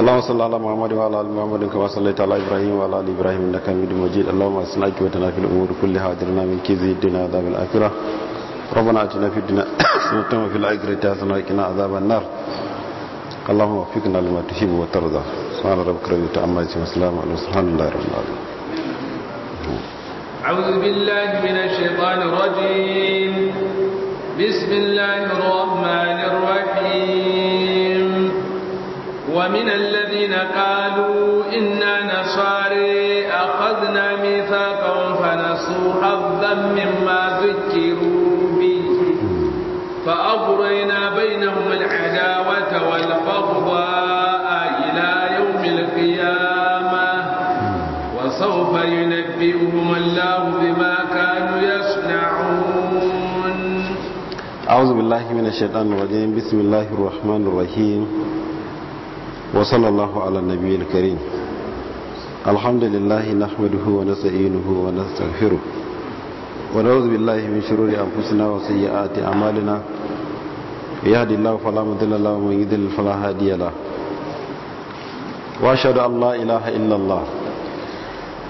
اللهم صل على محمد وعلى ال محمد كما صليت على ابراهيم وعلى ال ابراهيم انك حميد مجيد اللهم اصلح وتنا في الامور كلها اجرنا من كيد الدنيا وعذاب الاخره ربنا اجنا في الدنيا حسنه في الاخره تاسنا كنا عذاب النار اللهم وفقنا لما تحب وترضى سبحان ربك رب العزه عما يصفون وسلام على سبحان الله رب العالمين أعوذ بالله من الشيطان الرجيم بسم الله الرحمن الرحيم ومن الذين قالوا إنا نصاري أخذنا ميثاقهم فنسوا حظا مما ذكروا به فأغرينا بينهم العداوة والبغضاء إلى يوم القيامة وسوف ينبئهم الله بما كانوا يصنعون أعوذ بالله من الشيطان الرجيم بسم الله الرحمن الرحيم وصلى الله على النبي الكريم الحمد لله نحمده ونستعينه ونستغفره ونعوذ بالله من شرور أنفسنا وسيئات أعمالنا يهدي الله فلا مضل له ومن يضلل فلا هادي له وأشهد أن لا إله إلا الله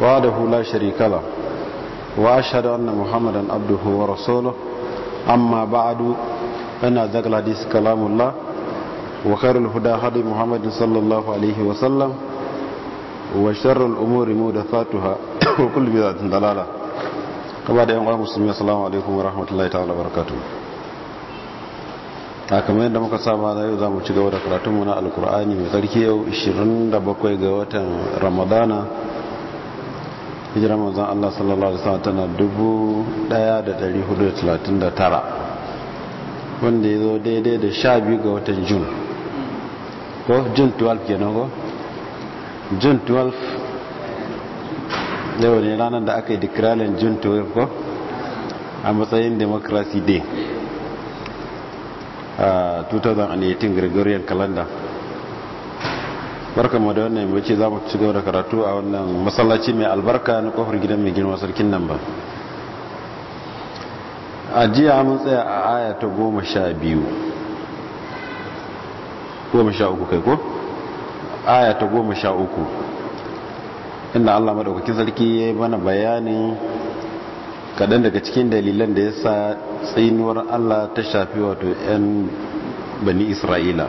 وحده لا شريك له وأشهد أن محمدا عبده ورسوله أما بعد أن ذكر الحديث كلام الله وخير الهدى هدي محمد صلى الله عليه وسلم وشر الأمور محدثاتها وكل بدعة ضلالة كما da yan uwa musulmi assalamu alaikum warahmatullahi ta'ala barakatuh a kamar yadda muka saba da yau zamu ci gaba da karatun mu na alkur'ani mai tsarki yau 27 ga watan ramadana hijirar manzon Allah sallallahu alaihi wasallam tana 1439 wanda ya zo daidai da 12 ga watan june ko june 12 kenan ko june 12 yau ne ranar da aka yi dikiralin june 12 ko a matsayin democracy day a 2018 gregorian calendar barkanmu da wannan yammaci za mu ci gaba da karatu a wannan masallaci mai albarka na kofar gidan mai girma sarkin nan ba a jiya mun tsaya a aya ta goma sha biyu goma sha uku kai ko aya ta goma sha uku inda allah maɗaukakin sarki ya yi mana bayani kaɗan daga cikin dalilan da ya sa tsinuwar allah ta shafi wato 'yan bani isra'ila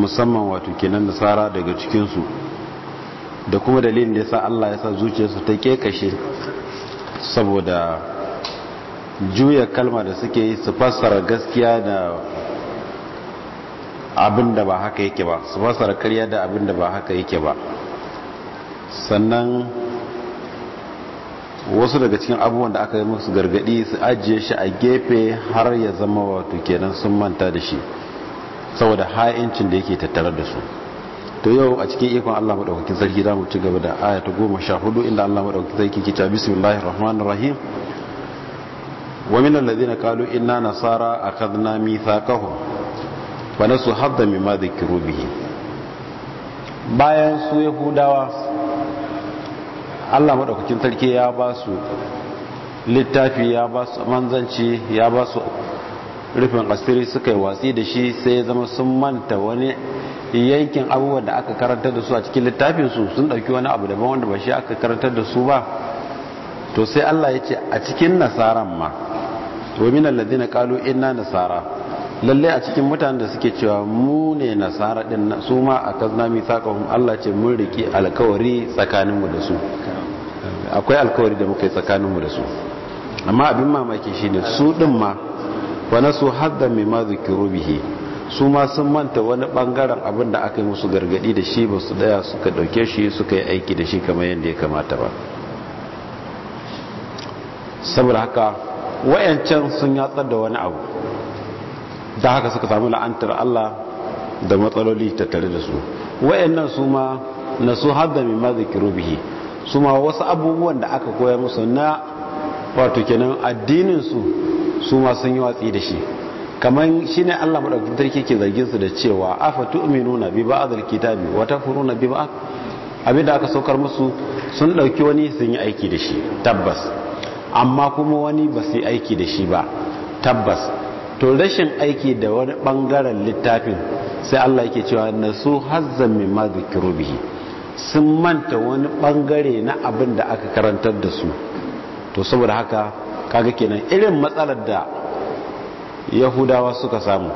musamman wato kenan nasara daga cikinsu da kuma dalilin da ya sa allah ya sa zuciyarsu ta kekashe saboda juya kalma da suke yi su fassara gaskiya da abin ba haka yake ba su da karya da abinda ba haka yake ba sannan wasu daga cikin abubuwan da aka yi musu gargadi su ajiye shi a gefe har ya zama wato kenan sun manta da shi saboda ha'incin da yake tattare da su to yau a cikin ikon Allah madaukakin sarki zamu ci gaba da aya ta 14 inda Allah madaukakin sarki ke ta bismillahir rahmanir rahim wa minal ladina qalu inna nasara akhadna mithaqahum Banasu nasu hadda mimma da bihi bayan su yahudawa Allah maɗaukakin sarki ya ba su littafi ya ba su manzanci ya ba su rufin asiri suka yi watsi da shi sai ya zama sun manta wani yankin abubuwan da aka karantar da su a cikin littafin su sun ɗauki wani abu daban wanda ba shi aka karantar da su ba to sai Allah ya ce a cikin nasaran ma domin alladina kalu ina nasara lalle a cikin mutanen da suke cewa mu ne nasara din su ma a kazna mi Allah ce mun riki alkawari tsakaninmu da su akwai alkawari da muka yi tsakaninmu da su amma abin mamaki shine su din ma wa nasu hadda ma zikiru bihi su ma sun manta wani bangaren abin da aka yi musu gargadi da shi ba su daya suka dauke shi suka yi aiki da shi kamar yadda ya kamata ba saboda haka wayancan sun yatsar da wani abu da haka suka samu la'antar Allah da matsaloli tattare da su wayannan su ma na su hadda min mazikiru bihi su ma wasu abubuwan da aka koya musu na wato kenan addininsu su ma sun yi watsi da shi kamar shi ne Allah madaukakin tarki ke zargin su da cewa afatu'minuna bi ba'dil wata furu na bi ba'd abin da aka saukar musu sun ɗauki wani sun yi aiki da shi tabbas amma kuma wani ba su yi aiki da shi ba tabbas to rashin aiki da wani bangaren littafin sai Allah yake cewa nasu hazzan mimma dhukiru bihi sun manta wani bangare na abin da aka karantar da su to saboda haka kaga kenan irin matsalar da yahudawa suka samu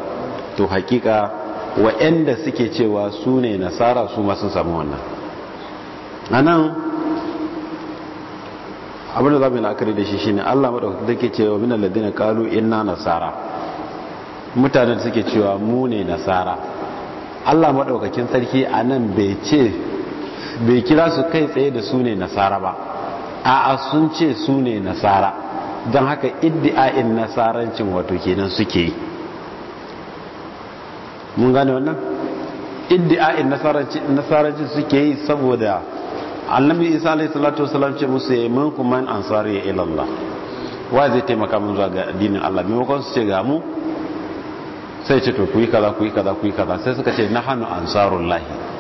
to hakika wa'anda suke cewa su ne nasara su ma sun samu wannan anan abin da za mu yi la'akari da shi shine Allah madaukaki yake cewa minal ladina qalu inna nasara mutanen suke cewa mu ne nasara allah maɗaukakin sarki a nan bai ce bai kira su kai tsaye da su ne nasara ba a'a sun ce su ne nasara don haka iddi'a'in nasarancin wato kenan suke yi mun gane wannan iddi'a'in nasarancin suke yi saboda annabi isa alayhi salatu wasalam ce musu yayi eh, mun kuma ansari ya ilallah wa zai taimaka mun zuwa ga addinin Allah maimakon su ce ga mu sai ce to ku yi kaza ku yi kaza ku kaza sai suka ce nahanu ansarullahi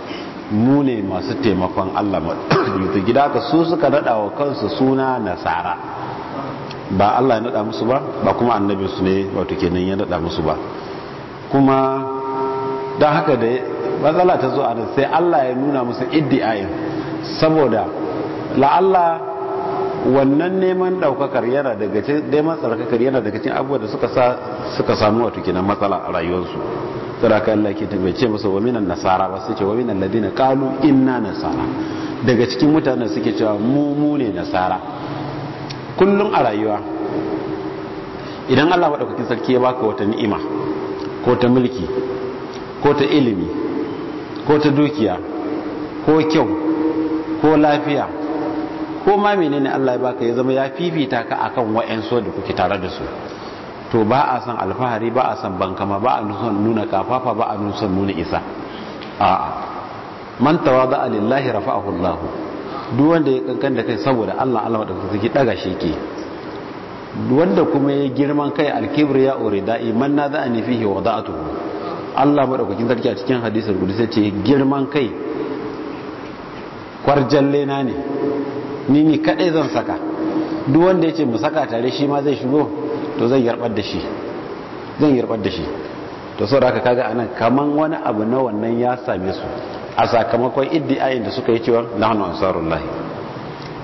mu ne masu taimakon Allah mutu gida ka su suka nada wa kansu suna nasara ba Allah ya nada musu ba ba kuma annabi su ne wato kenan ya nada musu ba kuma dan haka da matsala ta zo a sai Allah ya nuna musu iddi'ayin saboda Allah wannan neman daukakar yana daga cikin neman tsarkakar yana daga cikin abubuwa da suka sa suka samu wato matsala a rayuwarsu saraka Allah ke ta ce masa wa minan nasara ba sai ce wa minan ladina qalu inna nasara daga cikin mutanen suke cewa mu mu ne nasara kullum a rayuwa idan Allah madaukakin sarki ya baka wata ni'ima ko ta mulki ko ta ilimi ko ta dukiya ko kyau ko lafiya ko ma menene Allah ya baka ya zama ya fifita ka akan wa'ansu da kuke tare da su to ba a san alfahari ba a san bankama ba a nuna kafafa ba a nuna nuna isa a'a man tawada lillahi rafa'ahu Allah duk wanda ya kankan da kai saboda Allah Allah da kuke daga shi ke wanda kuma ya girman kai ya alkibriya urida'i man nadha'ani fihi wada'atuhu Allah madaukakin sarki a cikin gudu sai ce girman kai kwarjallena ne ni ni kadai zan saka duk wanda yace mu saka tare shi ma zai shigo to zan yarbar da shi zan yarbar da shi to saboda haka kaga anan kaman wani abu na wannan ya same su a sakamakon iddiayin da suka yi cewa nahnu ansarullahi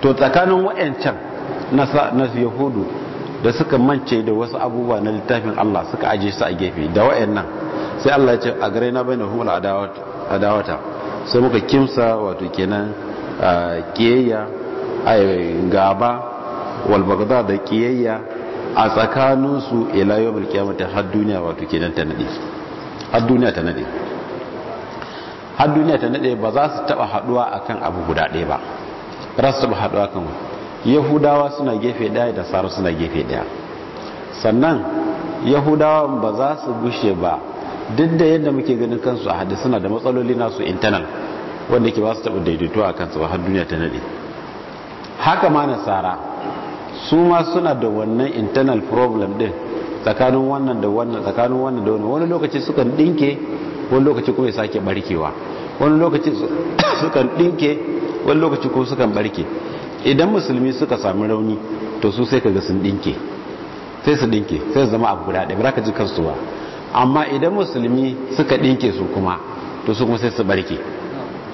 to tsakanin wayancan na yahudu da suka mance da wasu abubuwa na littafin Allah suka aje su a gefe da wayannan sai Allah ya ce a gare na bainahum humul adawata sai muka kimsa wato kenan kiyayya ah, gaba walbagda da kiyayya a tsakaninsu ila yau mulkiyamata har duniya wato kenan ta nade har duniya ta nade har duniya ta nade ba za su taba haduwa akan abu guda ɗaya ba ra su taba haduwa kan yahudawa suna gefe ɗaya da saru suna gefe ɗaya sannan yahudawa ba za su gushe ba duk da yadda muke ganin kansu a hadisuna da matsaloli nasu internal wanda ke ba su taɓa daidaito a kansu ba har duniya ta nade haka ma nasara su ma suna da wannan internal problem din tsakanin wannan da wannan tsakanin wannan da wannan wani lokaci sukan dinke wani lokaci kuma ya sake barkewa wani lokaci sukan dinke wani lokaci kuma sukan barke idan musulmi suka sami rauni to su sai kaga sun dinke sai su dinke sai su zama abu guda ɗaya ba ka ji kansu ba amma idan musulmi suka dinke su kuma to su kuma sai su barke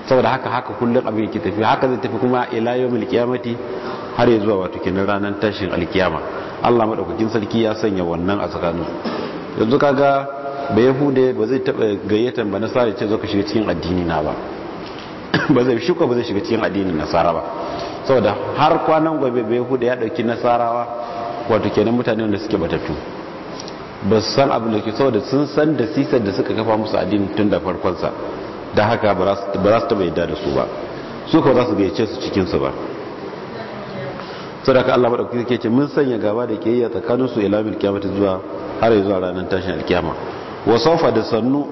saboda haka haka kullum abin ke tafi haka zai tafi kuma ila yawmil kiyamati har ya zuwa wato kenan ranar tashin alkiyama Allah madaukakin sarki ya sanya wannan a tsakanin yanzu kaga ba yahude ba zai taba gayyatan ba nasara ce zo ka shiga cikin addini na ba ba zai shuka ba zai shiga cikin addinin nasara ba saboda har kwanan gobe ba yahude ya dauki nasarawa wato kenan mutane wanda suke batattu ba san abin da ke saboda sun san da sisar da suka kafa musu addini tun da farkonsa da haka ba za su taba yadda da su ba su ba za su gayyace su cikinsu ba sadaka Allah maɗauki ke ce mun sanya gaba da ke yi tsakanin su ila bil zuwa har zuwa ranar tashin alkiyama wasu da sannu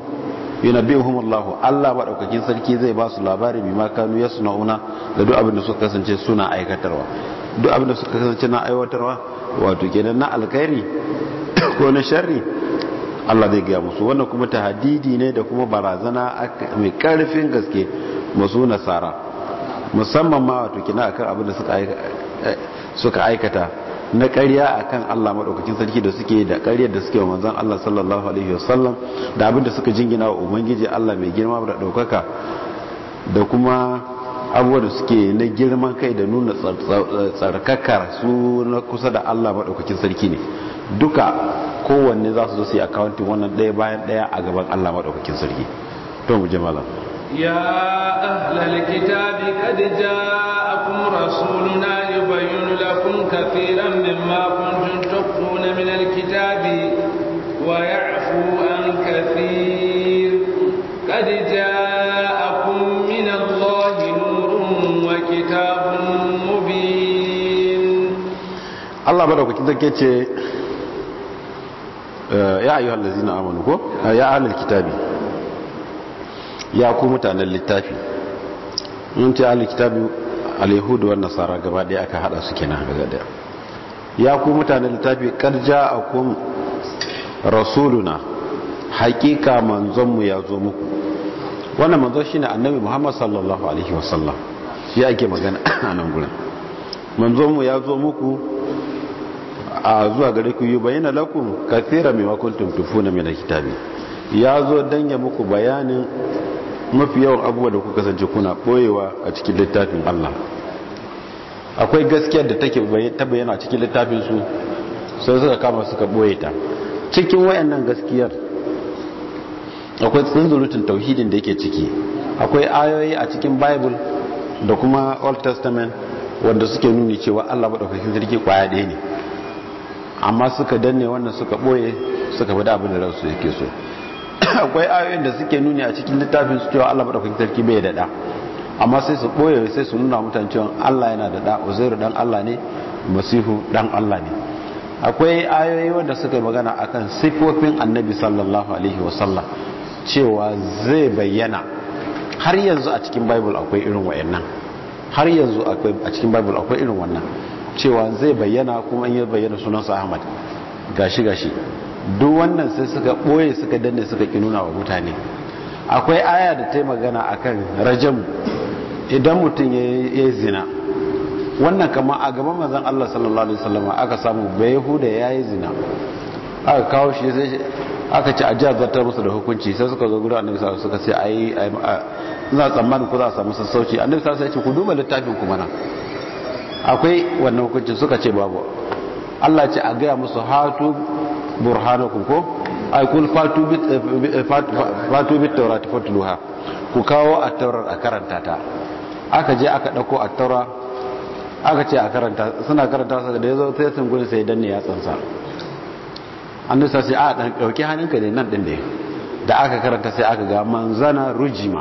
yunabbihum Allah Allah maɗaukakin sarki zai ba su labari makanu ya suna una da duk abin da suka kasance suna aikatarwa duk abin da suka kasance na aiwatarwa wato kenan na alkhairi ko na sharri Allah zai gaya musu wannan kuma tahadidi ne da kuma barazana mai karfin gaske musu nasara musamman ma wato kina akan abin da suka aikata na ƙarya akan Allah madaukakin sarki da suke da ƙaryar da suke wa manzon Allah sallallahu alaihi wasallam da abin da suka jingina wa ubangiji Allah mai girma da daukaka da kuma abubuwa da suke na girman kai da nuna tsarkakar su na kusa da Allah maɗaukakin sarki ne duka kowanne za su zo su yi accounting wannan ɗaya bayan ɗaya a gaban Allah maɗaukakin sarki to mu jama'a ya ahlal kitabi kad ja'akum rasuluna yubayyinu lakum katiran mimma kuntum tukhfuna min alkitabi wa ya'fu an kathir kad ja'akum min Allahi nurun wa kitabun mubin Allah da sarki ce ya ayyuhal lazina amanu ko ya ahlul kitabi ya ku mutanen littafi in ta ahlul kitabi alyahudu wan nasara gaba daya aka hada su kenan gaba daya ya ku mutanen littafi kad ja'akum rasuluna haqiqa manzon mu ya zo muku wannan manzo shine annabi Muhammad sallallahu alaihi wasallam shi ake magana a nan gurin manzon mu ya zo muku a zuwa gare ku yi bayyana lakum kathira wakon kuntum na min kitabi ya zo danya ya muku bayanin mafi yawan abubuwa da kuka kasance kuna boyewa a cikin littafin Allah akwai gaskiyar da take ta bayyana a cikin littafin su sai suka kama suka boye ta cikin wayannan gaskiyar akwai tsunzurutun tauhidin da yake ciki akwai ayoyi a cikin bible da kuma old testament wanda suke nuni cewa Allah madaukakin sarki kwaya ɗaya ne amma suka danne wannan suka boye suka fada abin da ransu yake so akwai ayoyin da suke nuni a cikin littafin su cewa Allah madaukakin sarki bai dada amma sai su boye sai su nuna mutan cewa Allah yana da Uzairu dan Allah ne Masihu dan Allah ne akwai ayoyi wanda suka magana akan sifofin Annabi sallallahu alaihi wasallam cewa zai bayyana har yanzu a cikin Bible akwai irin wayannan har yanzu a cikin Bible akwai irin wannan cewa zai bayyana kuma in ya bayyana sunansa ahmad gashi gashi duk wannan sai suka ɓoye suka danne suka ki nuna wa mutane akwai aya da ta yi magana a kan rajam idan mutum ya yi zina wannan kama a gaban mazan allah sallallahu alaihi wasallam aka samu bai da ya yi zina aka kawo shi sai aka ci a zartar musu da hukunci sai suka zo gudu annabi sallallahu suka ce ai ina tsammanin ku za a samu sassauci annabi sallallahu alaihi wasallam ya ce ku duba littafin ku mana akwai wannan hukuncin suka ce babu Allah ce a gaya musu hatu burhanakum kuko aikul fatu bit eh, fatu bit ku kawo a taurar a karanta ta aka je aka dauko a taura aka ce a karanta suna karanta su da zo sai sun gudu sai danne ya tsansa nisa sai a dan dauki hannunka ne nan din ne da aka karanta sai aka ga manzana rujima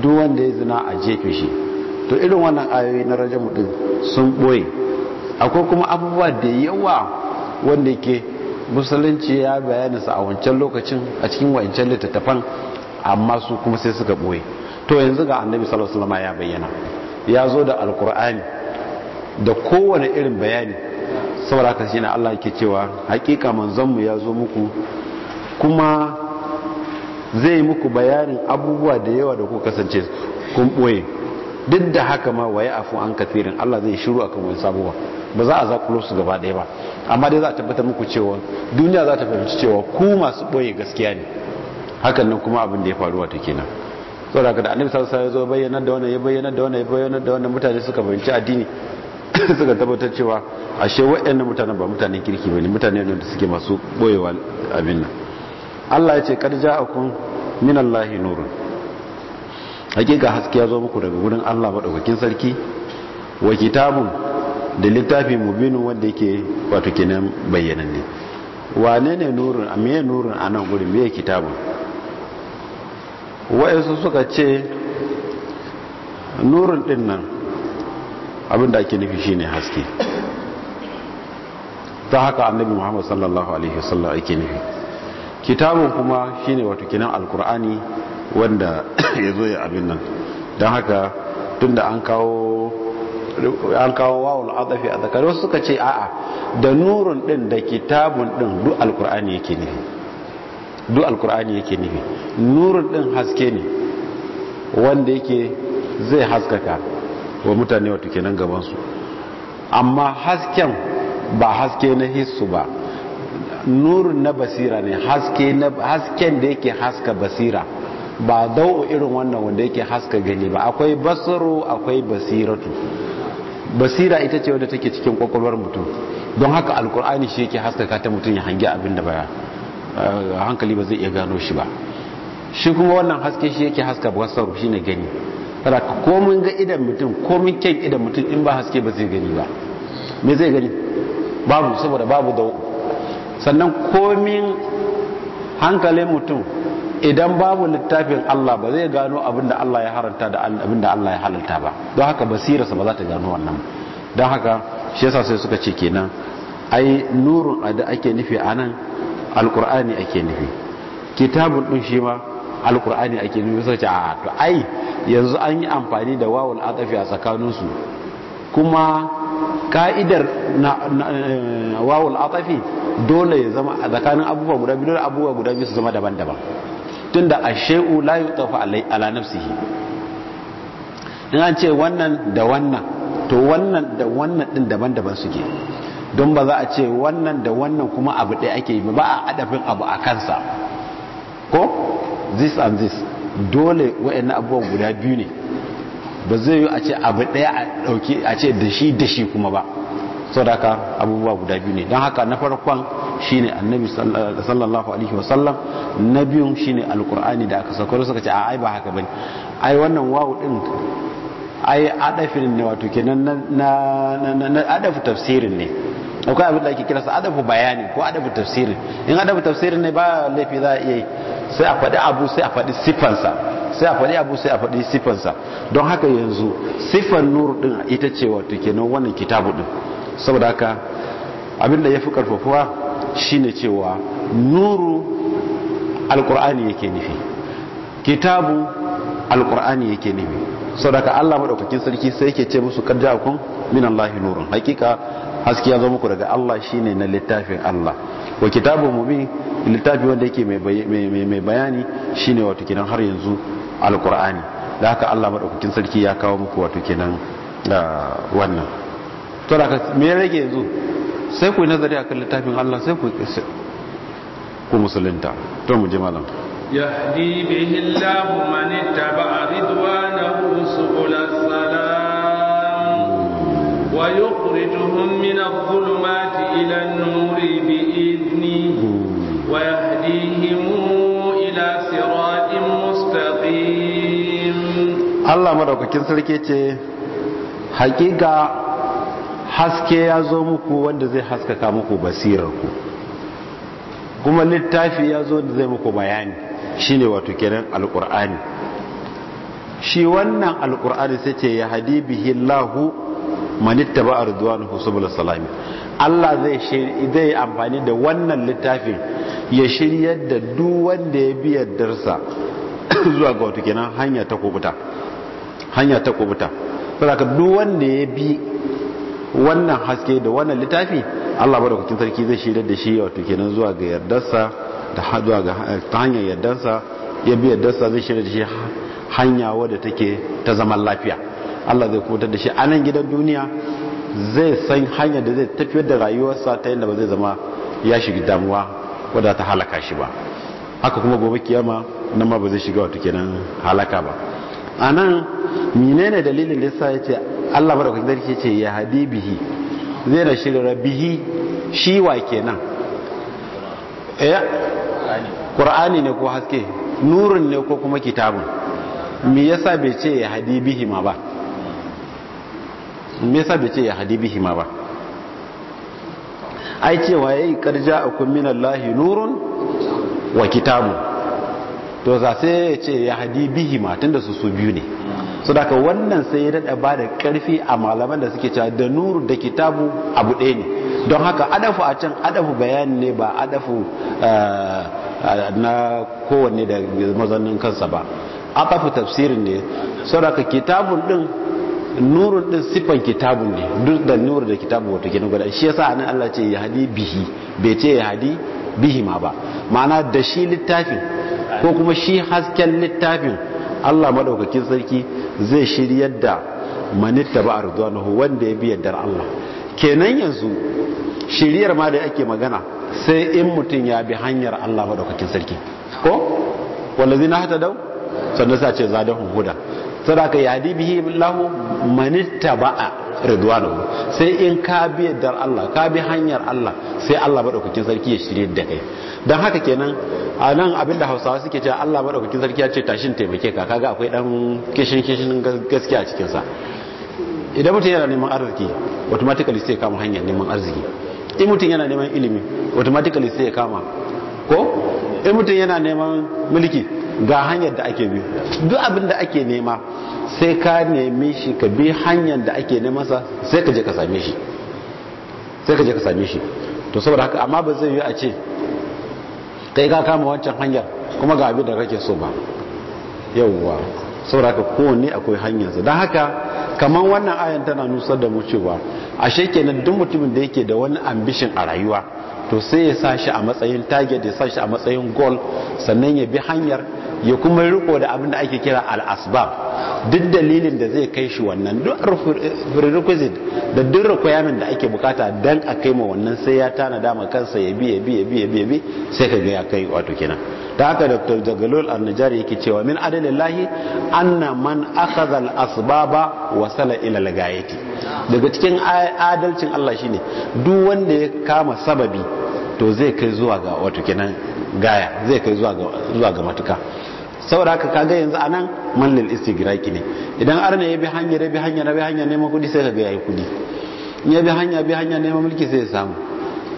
duk wanda ya zina a jefe shi to irin wannan ayoyi na rajamu din sun boye akwai kuma abubuwa da yawa wanda ke musulunci ya bayana su a wancan lokacin a cikin wancan littattafan amma su kuma sai suka boye to yanzu ga annabi sallallahu alaihi wasallam ya bayyana ya zo da alkur'ani da kowane irin bayani saboda haka shine Allah ke cewa hakika manzonmu ya zo muku kuma zai muku bayanin abubuwa da yawa da kuka kasance kun boye duk da haka ma waye afu an kafirin Allah zai shiru akan wani sabuwa ba za a zakulo su gaba ɗaya ba amma dai za a tabbatar muku cewa duniya za ta fahimci cewa ku masu ɓoye gaskiya ne hakan nan kuma abin da ya faruwa ta kenan saboda haka da annabi sallallahu alaihi wasallam ya bayyana da wannan ya bayyana da wannan ya bayyana da wannan mutane suka fahimci addini suka tabbatar cewa ashe waɗannan mutanen ba mutanen kirki bane mutane ne da suke masu ɓoyewa abin nan Allah ya ce kad ja'akum minallahi nurun hakika haske ya zo muku daga wurin Allah madaukakin sarki wa kitabun da littafi mubinin wanda yake wato kenan ne. wane ne nurin a meye nurin a nan gurin meye kitabun wa'yansu suka ce nurin din nan abinda ake nufi shine haske ta haka annabi Muhammadu sallallahu alaihi wasallam ake nufi kitabun kuma shine wato kinan alkur'ani wanda ya zo ya abin nan don haka tun da an kawo an kawo wani adafi a zakari wasu suka ce a'a da nurun din da kitabun din duk alkur'ani yake nufi duk alkur'ani yake nufi nurun din haske ne wanda yake zai haskaka wa mutane wata kenan gabansu amma hasken ba haske na hisu ba nurun na basira ne hasken da yake haska basira ba dau'u irin wannan wanda yake haska gani ba akwai basaru akwai basiratu basira ita ce wadda take cikin kwakwalwar mutum don haka alkur'ani shi yake ka ta mutum ya hangi abin da baya eh, hankali ba zai iya gano shi ba shi kuma wannan haske shi yake haska basaru ne gani kada ko mun ga idan mutum ko mun kyan idan mutum in ba haske ba zai gani ba me zai gani babu saboda babu dau sannan komin hankalin mutum idan babu littafin Allah ba zai gano abinda da Allah ya haranta da abinda da Allah ya halalta ba don haka basirarsa ba za ta gano wannan don haka shi yasa sai suka ce kenan ai nurun da ake nufi a nan alkur'ani ake nufi kitabun din shi ma alkur'ani ake nufi sai ce a to ai yanzu an yi amfani da wawul atafi a tsakaninsu kuma ka'idar na eh, wawul atafi dole ya zama a tsakanin abubuwa guda biyu dole abubuwa guda biyu su zama daban-daban tunda ashe'u la yutafu ala nafsihi in an ce wannan da wannan to wannan da wannan din daban-daban suke don ba za a ce wannan da wannan kuma abu ɗaya ake yi ba a adafin abu a kansa ko this and this dole wa'in abubuwan guda biyu ne ba zai yi a ce abu ɗaya a ɗauki a ce da shi da shi kuma ba sadaka abubuwa guda biyu ne don haka na farkon shine annabi sallallahu alaihi wasallam na biyun shine alkur'ani da aka saukar suka ce a ai ba haka bane ai wannan wawu din ai adafin ne wato kenan na na adafu tafsirin ne akwai abin da ake kira sa adafu bayani ko adafu tafsirin in adafu tafsirin ne ba laifi za a iya sai a faɗi abu sai a faɗi siffansa sai a faɗi abu sai a faɗi siffansa don haka yanzu siffan nur din ita ce wato kenan wannan kitabu din saboda haka abinda ya fi karfafuwa shine cewa nuru alkur'ani yake nufi kitabu alkur'ani yake nufi saboda haka Allah maɗaukakin sarki sai yake ce musu kan ja'akum min Allah nurun hakika haske ya zo muku daga Allah shine na littafin Allah wa kitabu bi littafi wanda yake mai bayani shine wato kenan har yanzu alkur'ani da haka Allah maɗaukakin sarki ya kawo muku wato kenan ah, wannan to da me rage yanzu sai ku nazari akan littafin Allah sai ku ku musulunta to mu ji malam yahdi bihi Allah man ittaba ridwanahu subula salam wa yukhrijuhum min adh-dhulumati ila an-nuri bi idni wa yahdihim ila siratin mustaqim Allah madaukakin sarki ce hakika haske ya zo muku wanda zai haskaka muku basirar ku. kuma littafi ya zo da zai muku bayani shine wato kenan alkur'ani shi wannan alƙurani sai ce ya hadi bihi a man ittaba ridwanahu subul salami Allah zai zai amfani da wannan littafi ya shirya da duk wanda ya bi yardarsa zuwa ga wato kenan hanya ta kubuta hanya ta kubuta saboda duk wanda ya bi wannan haske da wannan littafi Allah madaukakin sarki zai shirar da shi wato kenan zuwa ga yardarsa da haduwa ga eh, hanyar yardarsa ya bi yardarsa zai shirar da shi hanya wadda take ta zaman lafiya Allah zai kubutar da shi a nan gidan duniya zai san hanyar da zai tafiyar da rayuwarsa ta yadda ba zai zama ya shiga damuwa wadda ta halaka shi ba haka kuma gobe kiyama nan ma ba zai shiga wato kenan halaka ba a nan menene dalilin da sa ya ce allah maɗaukakin sarki ce ya hadi bihi zai na shirya bihi shi wa kenan ya eh, ƙur'ani ne ko haske nurin ne ko kuma kitabun me yasa bai ce ya hadi bihi ma ba me yasa bai ce ya hadi bihi ma ba ai cewa yayi karja akum minallahi nurun wa kitabun to za sai ya ce ya hadi bihi matan da su su biyu ne so ka wannan sai ya daɗa ba da ƙarfi a malaman da suke cewa da nuru da kitabu abu ɗaya ne don haka adafu a can adafu bayani ne ba adafu eh, na kowanne da mazanin kansa ba adafu tafsirin ne so ka kitabun ɗin nurun din siffan kitabun ne duk da nuru da kitabu wato kenan guda shi yasa anan Allah ce ya hadi bihi bai ce ya hadi bihi ma ba ma'ana da shi littafin ko kuma shi hasken littafin Allah maɗaukakin sarki zai shiryar da manitta ba arduanahu wanda ya bi yardar Allah kenan yanzu shiryar ma da ake magana sai in mutum ya bi hanyar Allah maɗaukakin sarki ko wanda na hata dau sannan sa ce zadahum huda sadaka yahdi bihi lahu manitta ba'a ridwanu sai in ka bi dar Allah ka bi hanyar Allah sai Allah madaukakin sarki ya shirye da kai dan haka kenan a nan abinda Hausawa suke cewa Allah madaukakin sarki ya ce tashin taimake ka kaga akwai dan kishin kishin gaskiya a cikin sa idan mutum yana neman arziki automatically sai kama hanyar neman arziki in mutum yana neman ilimi automatically sai ya kama ko in mutum yana neman mulki ga hanyar da ake bi duk abin da ake nema sai ka neme shi ka bi hanyar da ake nemasa sai ka je ka same shi sai ka je ka same shi to saboda haka amma ba zai yi a ce kai ka kama wancan hanyar kuma ga abin da kake so ba yawwa saboda haka kowanne akwai hanyarsa don haka kamar wannan ayan tana nusar da mu cewa ashe kenan duk mutumin da yake da wani ambishin a rayuwa to sai ya sa shi a matsayin target ya sa shi a matsayin goal sannan ya bi hanyar ya kuma riko da abin da ake kira al-asbab duk dalilin da zai kai shi wannan duk prerequisite da duk requirement da ake bukata dan a kai ma wannan sai ya tana dama kansa ya bi ya bi ya bi ya bi sai ka ga ya kai wato kenan da haka dr jagalul annajar yake cewa min adalillahi anna man akazal al-asbaba wa sala ila daga cikin adalcin Allah shine duk wanda ya kama sababi to zai kai zuwa ga wato gaya zai kai zuwa ga matuka saboda haka kaga yanzu anan mallil istigraki ne idan arna ya bi hanya ya bi hanya ya bi hanya neman kudi sai ya yi kudi ya bi hanya bi hanya neman mulki sai ya samu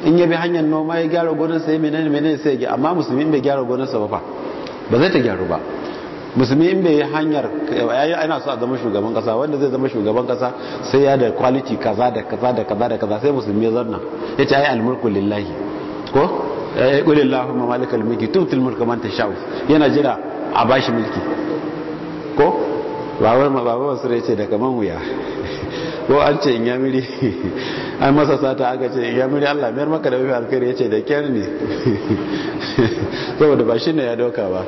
in ya bi hanyar noma ya gyara sai ya menene menene sai ya amma musulmi in bai gyara sa ba ba zai ta gyaru ba musulmi in bai hanyar ana so a zama shugaban kasa wanda zai zama shugaban kasa sai ya da quality kaza da kaza da kaza da kaza sai musulmi ya zanna ya ce ayi almulku lillahi ko ya qul allahumma malikal mulki tu'til mulka man tasha'u yana jira a bashi mulki ko bawai ma baba wasu rai ce daga man wuya ko an ce in yamiri an masa sata aka ce in yamiri allah mayar maka da mafi alkhairi ya ce da kyar ne saboda ba shi ne ya doka ba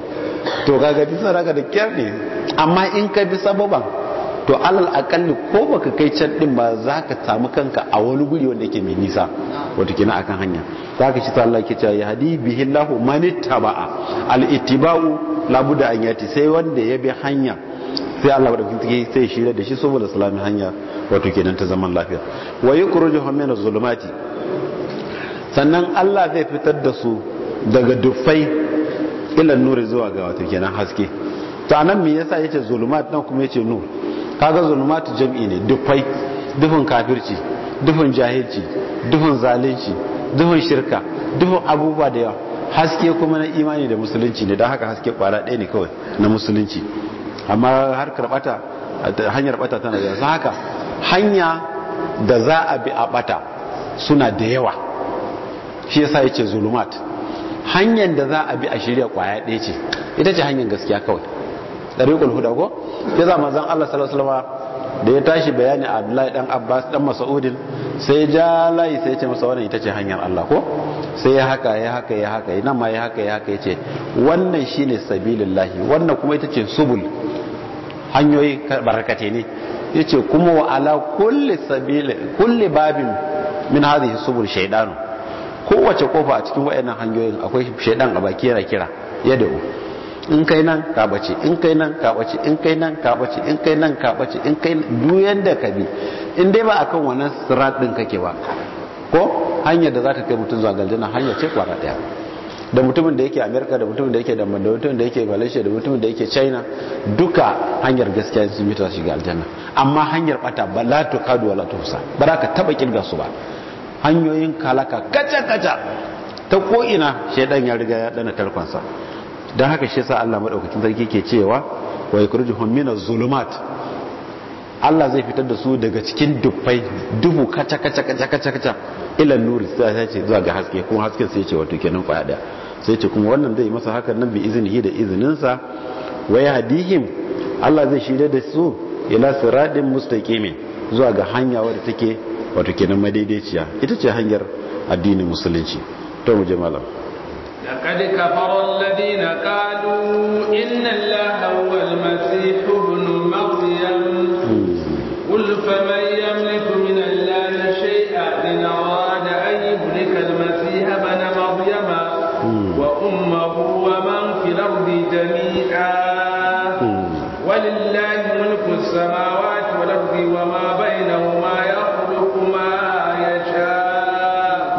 to kaga bi saraka da kyar ne amma in ka bi sababan to alal akalli ko baka kai can din ba za ka samu kanka a wani guri wanda yake mai nisa wato kina akan hanya za ka shi Allah ke cewa ya hadi bihi Allahu man ittaba'a al ittiba'u labuda an yati sai wanda ya bi hanya sai Allah madaukakin sarki sai shirya da shi saboda salami hanya wato kenan ta zaman lafiya wa yukhrijuhum min az-zulumati sannan Allah zai fitar da su daga dufai ila nuri zuwa ga wato kenan haske to anan me yasa yace zulumat nan kuma yace nur kaga zulumat jam'i ne dufai dufin kafirci dufin jahilci dufin zalunci dufin shirka dufin abubuwa da yawa haske kuma na imani da musulunci ne don haka haske kwara ɗaya ne kawai na musulunci amma har karbata hanyar bata tana da yawa haka hanya da za a bi a bata suna da yawa shi yasa yace zulumat hanyar da za a bi a shirya kwaya ɗaya ce ita ce hanyar gaskiya kawai ɗariƙul huda ko ya zama zan Allah sallallahu da ya tashi bayani a Abdullahi dan Abbas dan Mas'udin sai ja layi sai ce masa wannan ita ce hanyar Allah ko sai ya haka ya haka ya haka ina ma ya haka ya haka yace wannan shine sabilillahi wannan kuma ita ce subul hanyoyi barkate ne ce kuma wa ala kulle babin min hadhihi subul shaidanu kowace kofa a cikin wayannan hanyoyin akwai shaidan a baki yana kira ya da'u in kai nan ka bace in kai nan ka bace in kai nan ka bace in kai nan ka bace in kai duk yanda ka bi in dai ba akan wannan sirat din kake ba ko hanyar da za ta kai mutum zuwa galjana hanyar ce kwara daya da mutumin da yake amerika da mutumin da yake da mutumin da yake malaysia da mutumin da yake china duka hanyar gaskiya sun yi ta shiga aljanna amma hanyar bata ba la to kadu wala to husa ba za ka taba kirga su ba hanyoyin kalaka kaca kaca ta ko ina shaidan ya riga ya dana tarkonsa don haka shi sa Allah madaukakin sarki ke cewa wa yakhrujuhum min zulumat Allah zai fitar da su daga cikin dufai dubu kaca kaca kaca kaca kaca ilan nuri sai ce zuwa ga haske kuma hasken sai ce wato kenan kwaya sai ce kuma wannan zai masa hakan nan bi izini da izininsa Wai hadihim Allah zai shirye da su ila siradin mustaqimin zuwa ga hanya wadda take wato kenan madaidaiciya ita ce hanyar addinin musulunci to mu je malam laqad kafara alladhina qalu inna allaha هو المسيح السماوات والأرض وما بينهما يخلق ما يشاء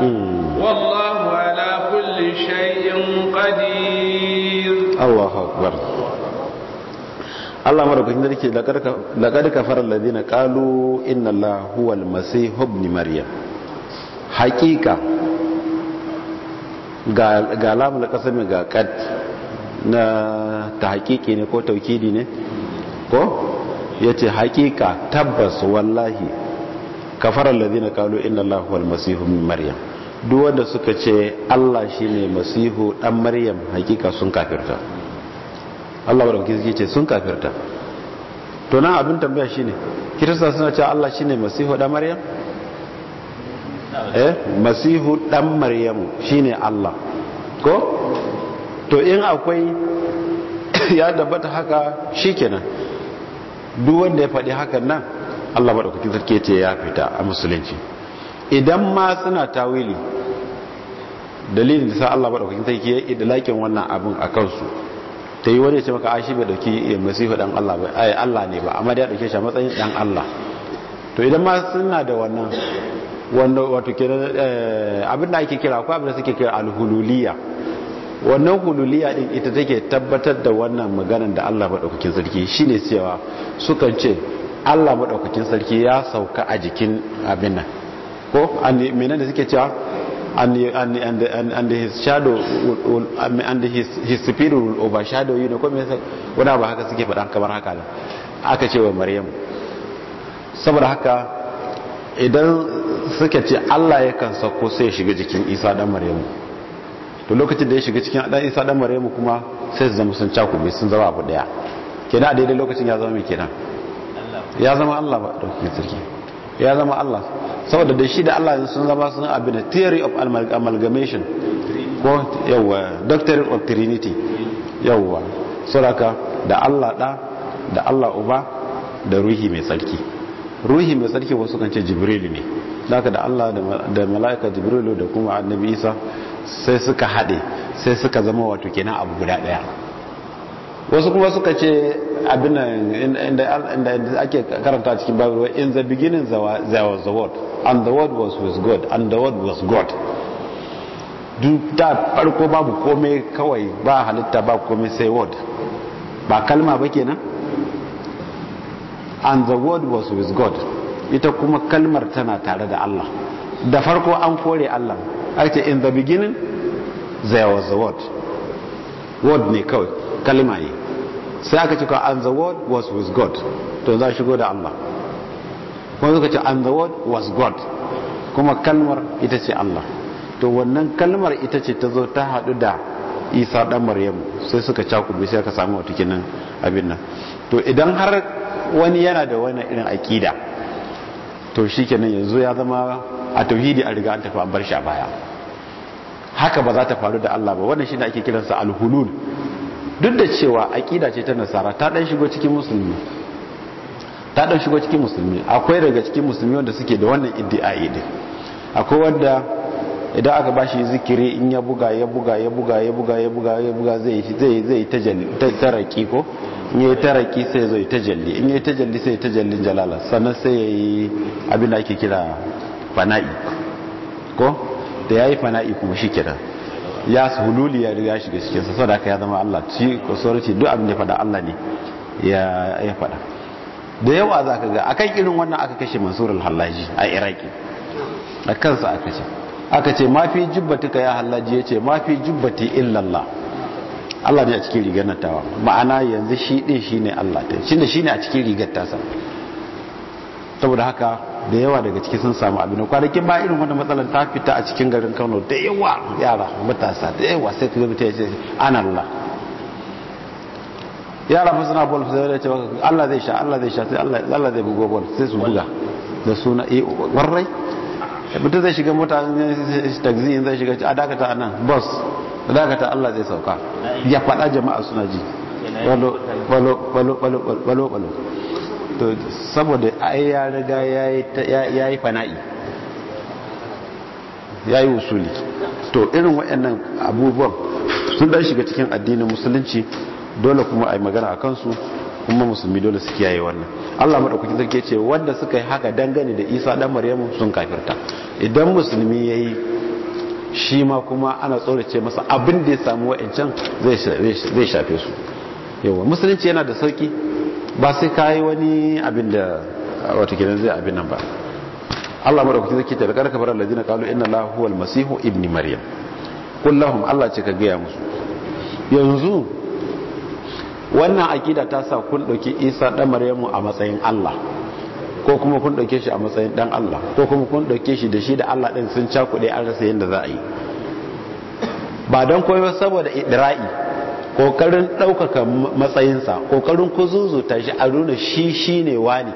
والله على كل شيء قدير الله أكبر Allah maraukakin sarki laƙar kafarar ladina ƙalu inna Allah huwal masihu ibn haƙiƙa ga lamar ƙasar mai ga ƙad na ta haƙiƙi ne ko taukidi ne ko ya ce hakika tabbas wallahi kafarar lalzina kalu inna Allah wal masihu min maryam duk wanda suka ce Allah shine masihu dan maryam hakika sun kafirta Allah kuke suke ce sun kafirta to abin tambaya shine kirista suna cewa Allah shine masihu dan maryam eh masihu dan shi shine Allah ko to in akwai ya dabbata haka shikenan duk wanda ya faɗi hakan nan Allah ba madaukakin sarki ce ya fita a musulunci idan ma suna tawili dalilin da sa Allah ba madaukakin sarki ya idlakin wannan abin a kansu ta yi wani ce maka ashi bai dauki masifu ɗan Allah ba ai Allah ne ba amma da ya ɗauke shi a matsayin ɗan Allah to idan ma suna da wannan wanda wato kenan eh, abin da ake kira ko abin da suke kira alhululiya wannan hululiya din ita take tabbatar da wannan maganar da Allah madaukakin sarki shine cewa kan ce Allah madaukakin sarki ya sauka a jikin abin nan ko menene da suke cewa and, and, and, and, his shadow and his, his spirit will overshadow you ne ko me wani ba haka suke faɗa kamar haka ne aka ce wa maryam saboda haka idan suka ce Allah yakan sauko sai ya shiga jikin Isa dan Maryamu to lokacin da ya shiga cikin dan isa dan maryamu kuma sai su zama sun cakume sun zama abu daya kenan a daidai lokacin ya zama mai kenan ya zama Allah ba dauki sarki ya zama Allah saboda da shi da Allah sun zama sun abin da theory of amalgamation ko yawa doctor of trinity yawa suraka da Allah da da Allah uba da ruhi mai tsarki ruhi mai tsarki wasu kan ce jibrilu ne da da Allah da mala'ika jibrilu da kuma annabi Isa sai suka haɗe sai suka zama wato kenan abu guda ɗaya wasu kuma suka ce abin inda ake karanta cikin bible in the beginning there was the word and the word was with god and the word was god duk ta farko babu komai kawai ba halitta ba komai sai word ba kalma ba kenan and the word was with god ita kuma kalmar tana tare da allah da farko an kore allah aita in the beginning there was the word word ne kawai kalima ne sai aka ce and the word was with God to za shigo da Allah kuma suka ce and the word was God kuma kalmar ita ce Allah to wannan kalmar ita ce ta zo ta hadu da isa ɗan maryamu sai suka cakube sai aka samu wata kinan abin nan to idan har wani yana da wani irin aƙida to shi kenan yanzu ya zama a tauhidi an riga an tafi an bar shi a baya haka ba za ta faru da Allah ba wannan shine ake kiransa al-hulul duk da cewa aqida ce ta nasara ta dan shigo cikin musulmi ta dan shigo cikin musulmi akwai daga cikin musulmi wanda suke da wannan iddi'ai din akwai wanda idan aka bashi zikiri in ya buga ya buga ya buga ya buga ya buga ya buga zai zai zai ta taraki ko in yayi taraki sai zai tajalli in yayi tajalli sai tajallin jalala sannan sai yayi abin da ake kira fana'i ko da ya yi fana'i kuma shi kira ya su hululi ya riga shiga cikinsa sau da aka ya zama Allah ci ko saurace duk abin da faɗa Allah ne ya faɗa da yawa za ka ga akan irin wannan aka kashe mansur al-hallaji a iraki a kansa aka ce aka ce mafi ka ya hallaji ya ce mafi jubbati illallah Allah ne a cikin rigar natawa ma'ana yanzu shi ɗin shi ne Allah ta shi ne a cikin rigar tasa saboda haka da yawa daga ciki sun samu abin kwanakin ba irin wanda matsalar ta fita a cikin garin kano da yawa yara matasa da yawa sai kuma mutum ya ce anallah yara fa suna bol zai ce Allah zai sha Allah zai sha sai Allah Allah zai bugo bol sai su buga da suna eh warrai mutu zai shiga mota taxi in zai shiga a dakata a nan bus a dakata Allah zai sauka ya faɗa jama'a suna ji balo balo balo balo balo to saboda ai ya riga ya yi fana'i ya yi usuli to irin waɗannan abubuwan sun ɗan shiga cikin addinin musulunci dole kuma a yi magana a kansu kuma musulmi dole su kiyaye wannan Allah madaukakin sarki ce wanda suka yi haka dangane da Isa dan Maryamu sun kafirta idan musulmi yayi shi ma kuma ana tsorace masa abin da ya samu wa'ancan zai shafe su yawon musulunci yana da sauki ba sai ka yi wani abin da watakilin zai abin nan ba allah maɗaukacin zai kita da ƙarƙa farar lajina kalu inna lahuwal masihu ibni maryam kullahum allah ce ka gaya musu yanzu wannan akida ta sa kun ɗauki isa ɗan maryamu a matsayin allah ko kuma kun ɗauke shi a matsayin ɗan allah ko kuma kun ɗauke shi da shi da allah ɗin sun cakuɗe an rasa yadda za a yi ba don komai saboda idra'i kokarin ɗaukaka matsayinsa kokarin kuzuzuta shi a nuna shi shi ne wani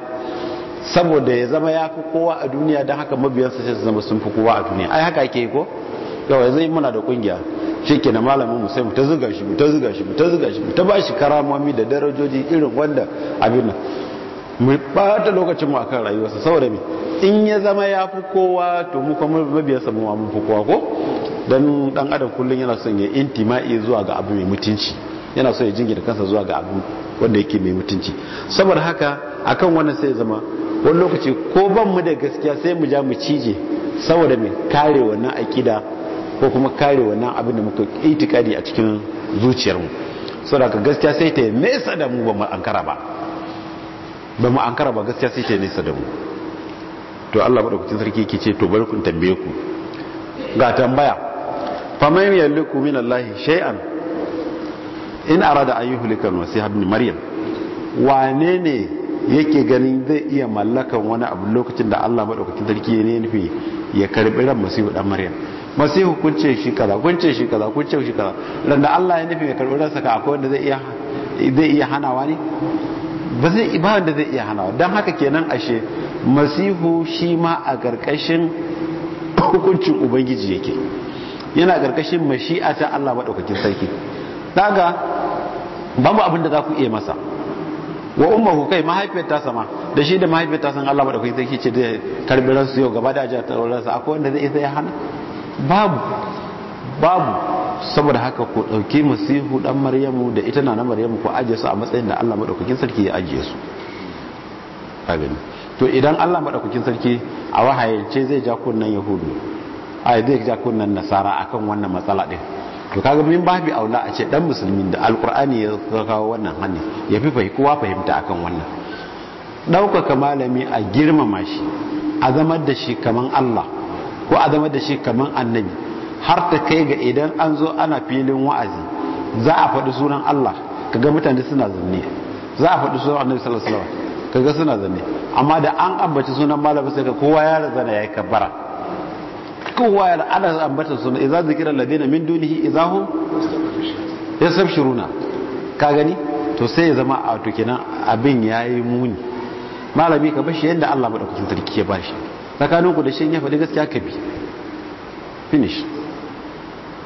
saboda ya zama ya fi kowa a duniya don haka mabiyansa sai su zama sun fi kowa a duniya ai haka ke ko yawai zai muna da kungiya shi ke na malamin mu sai mu ta zuga shi mu ta zuga shi mu ta zuga shi mu ta ba shi karamomi da darajoji irin wanda abin nan mu ɓata lokacin mu akan rayuwarsa saboda me in ya zama ya fi kowa to mu kuma mabiyansa mu mun fi kowa ko don dan adam kullum yana son ya intima'i zuwa ga abu mai mutunci yana son ya jingina kansa zuwa ga abu wanda yake mai mutunci saboda haka akan wannan sai zama wani lokaci ko ban mu da gaskiya sai mu ja mu cije saboda mai kare wannan aƙida ko kuma kare wannan abin da muka itikadi a cikin zuciyarmu saboda ka gaskiya sai ta nesa da mu ba mu ankara ba ba mu ankara ba gaskiya sai ta nesa da mu to Allah madaukakin sarki yake ce to bari kun tambaye ku ga tambaya faman yalliku min Allah shay'an in arada an yuhlika al-masih ibn maryam wane ne yake ganin zai iya mallakan wani abu lokacin da Allah madaukakin sarki ne nufi ya karɓi ran masihu ɗan maryam masihu kun ce shi kaza kun ce shi kaza kun ce shi kaza ran da Allah ya nufi ya karɓi ransa ka akwai wanda zai iya zai iya hanawa ne ba zai iya wanda zai iya hanawa dan haka kenan ashe masihu shi ma a ƙarƙashin hukuncin ubangiji yake yana karkashin mashi'a ta Allah madaukakin sarki daga babu abin da za ku iya masa wa ummuhu kai mahaifiyar ta sama da shi da mahaifiyar ta san Allah madaukakin sarki ce da karbiran su yau gaba da ajiyar tarolan sa akwai wanda zai ya hana babu babu saboda haka ku dauki masihu dan maryamu da ita na maryamu ku ajiye su a matsayin da Allah madaukakin sarki ya ajiye su amin to idan Allah madaukakin sarki a wahayance zai ja kunnan yahudu a zai ja kunnan nasara akan wannan matsala din to kaga min ba bi aula a ce dan musulmi da alqur'ani ya kawo wannan hannu ya fi fahimta kowa fahimta akan wannan ɗaukaka malami a girmama shi a zama da shi kaman Allah ko a zama da shi kaman annabi har ta kai ga idan an zo ana filin wa'azi za a faɗi sunan Allah kaga mutane suna zanne za a faɗi sunan annabi sallallahu alaihi wasallam kaga suna zanne amma da an ambaci sunan malami sai ka kowa ya razana yayi kabbara kowa ya ana ambata suna iza zikira ladina min dunihi idahum yastabshiruna ka gani to sai ya zama a to kenan abin yayi muni malami ka bashi yadda Allah madaukakin sarki ya bashi tsakanin ku da shi ya faɗi gaskiya ka bi finish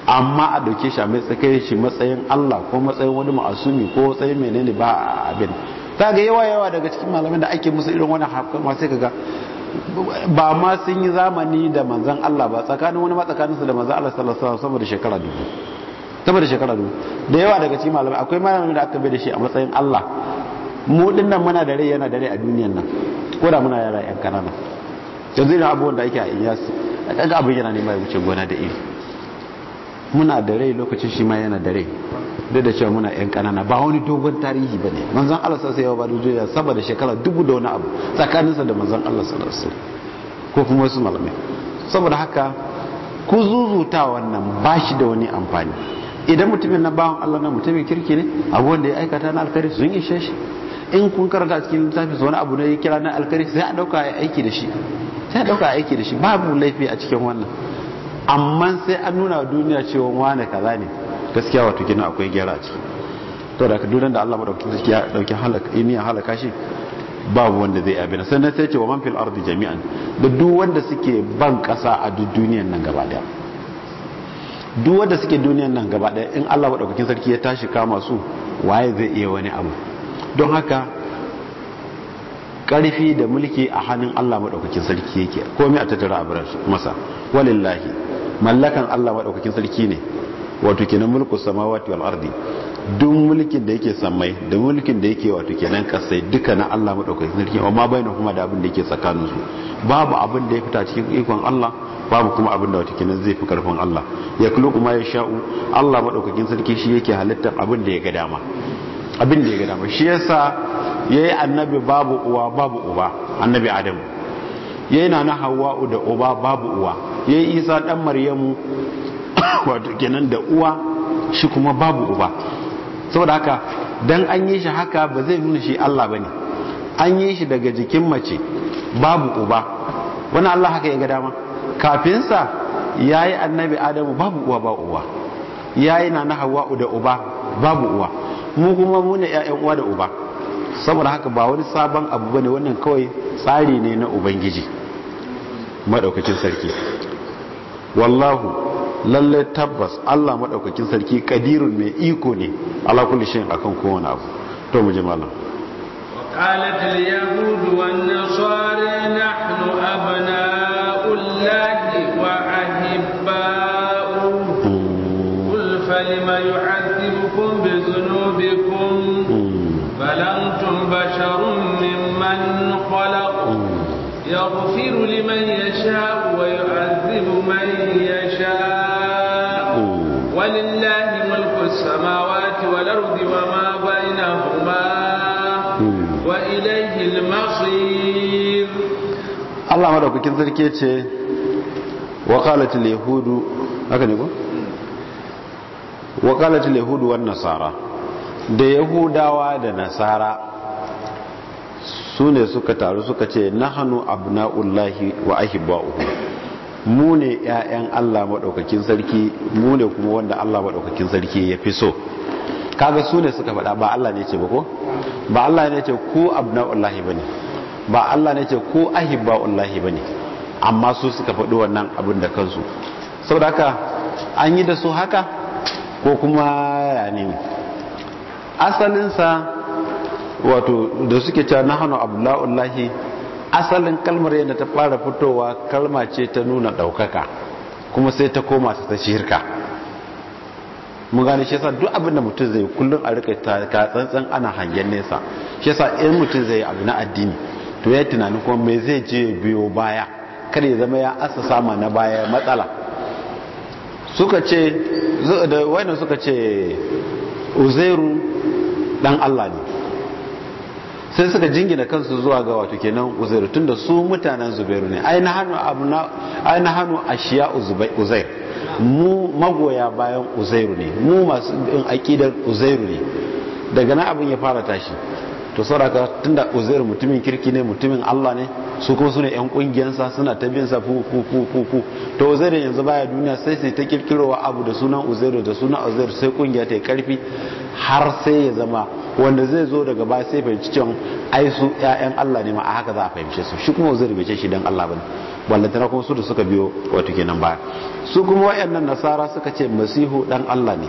amma a dauke shi a mai tsakai shi matsayin Allah ko matsayin wani ma'asumi ko matsayin menene ba abin ta ga yawa yawa daga cikin malamin da ake musu irin wani hakan ma sai kaga ba ma sun yi zamani da manzan Allah ba tsakanin wani ma tsakaninsu da manzan Allah sallallahu alaihi wasallam shekara dubu saboda shekara dubu da yawa daga cikin malamai akwai malamin da aka bai da shi a matsayin Allah mu dinnan muna da rai yana da rai a duniyar nan ko da muna yara yan kanana yanzu ina abubuwan da ake a iyas kaga abin yana nema ya wuce gona da iri muna da rai lokacin shi ma yana da rai duk da cewa muna yan kanana ba wani dogon tarihi ba ne manzan Allah sai ya bada saba saboda shekara dubu da wani abu tsakaninsa da manzan Allah sallallahu ko kuma wasu malamai saboda haka ku zuzuta wannan ba shi da wani amfani idan mutumin na bawan Allah na mutumin kirki ne abu wanda ya aikata na alkhairi sun ishe shi in kun karanta a cikin littafin wani abu ne ya kira na alkhairi sai a dauka aiki da shi sai a dauka aiki da shi babu laifi a cikin wannan amma sai an nuna wa duniya cewa wane kaza ne gaskiya wato gina akwai gyara ciki to da duran da Allah madaukakin sarki ya dauki halaka imiyan halaka shi babu wanda zai abin sannan sai ce wa man fil ardi jami'an da duk wanda suke ban kasa a duk duniyan nan gaba daya duk wanda suke duniyan nan gaba daya in Allah madaukakin sarki ya tashi kama su waye zai iya wani abu don haka karfi da mulki a hannun Allah madaukakin sarki yake komai a tattara a masa walillahi mallakan Allah maɗaukakin sarki ne wato kenan mulku sama wato al'ardi duk mulkin da yake samai da mulkin da yake wato kenan kasai duka na Allah maɗaukakin sarki amma bayanin kuma da abin da yake tsakanin su babu abin da ya fita cikin ikon Allah babu kuma abin da wato kenan zai fi karfin Allah ya kuma ya sha'u Allah maɗaukakin sarki shi yake halittar abin da ya ga dama abin da ya ga dama shi yasa yayi annabi babu uwa babu uba annabi Adam yayi na na Hawwa'u da uba babu uwa ya yi isa ɗan maryamu wato kenan da uwa shi kuma babu uba saboda haka dan an yi shi haka ba zai nuna shi Allah ba ne an yi shi daga jikin mace babu uba wani Allah haka ya ga dama kafinsa ya yi annabi adamu babu uwa ba uwa ya yi na na hawa'u da uba babu uwa mu kuma muna 'ya'yan uwa da uba saboda haka ba wani sabon abu bane wannan kawai tsari ne na ubangiji maɗaukacin sarki wallahu lalle tabbas Allah madaukakin sarki kadirun mai iko ne ala kulli shay'in akan kowane abu to mu ji malam qalat al wan nasara nahnu abna'u llahi wa ahibba'u hmm. qul falima yu'adhibukum bi dhunubikum hmm. bal antum basharun mimman khalaq hmm. yaghfir Allah madaukakin sarki ce wa yahudu haka ne ko wa yahudu wan nasara da yahudawa da nasara sune suka taru suka ce nahnu abna'ullahi wa ahibba'uhu mu ne ƴaƴan Allah madaukakin sarki mu ne kuma wanda Allah madaukakin sarki ya fi so kaga sune suka faɗa ba Allah ne ce ba ko ba Allah ne ce ku abna'ullahi bane ba Allah ne ce ko ahibballahi bane amma su suka faɗi wannan abin da kansu saboda haka an yi da su haka ko kuma ya ne asalinsa wato da suke cewa nahnu abdullahi asalin kalmar yadda ta fara fitowa kalma ce ta nuna ɗaukaka kuma sai ta koma ta shirka mun gane shi yasa duk abin da mutum zai kullum a rika ta tsantsan ana hangen nesa shi yasa in mutum zai abu na addini to ya tunani kuma me zai je biyo baya kar ya zama ya asa sama na baya matsala suka ce da wani suka ce uzairu dan Allah ne sai suka jingina kansu zuwa ga wato kenan uzairu tunda su mutanen zubairu ne aina hannu a shiya uzair mu magoya bayan uzairu ne mu masu bin aƙidar uzairu ne daga na abin ya fara tashi to saboda tunda uzair mutumin kirki ne mutumin Allah ne su kuma ne yan kungiyansa suna ta bin sa fu to uzair yanzu baya duniya sai sai ta kirkirowa abu da sunan uzair da sunan uzair sai kungiya ta karfi har sai ya zama wanda zai zo daga baya sai fahimci cewa ai su ƴaƴan Allah ne ma a haka za a fahimce su shi kuma uzair bai ce shi dan Allah bane ballantana kuma su da suka biyo wato kenan ba su kuma wayannan nasara suka ce masihu dan Allah ne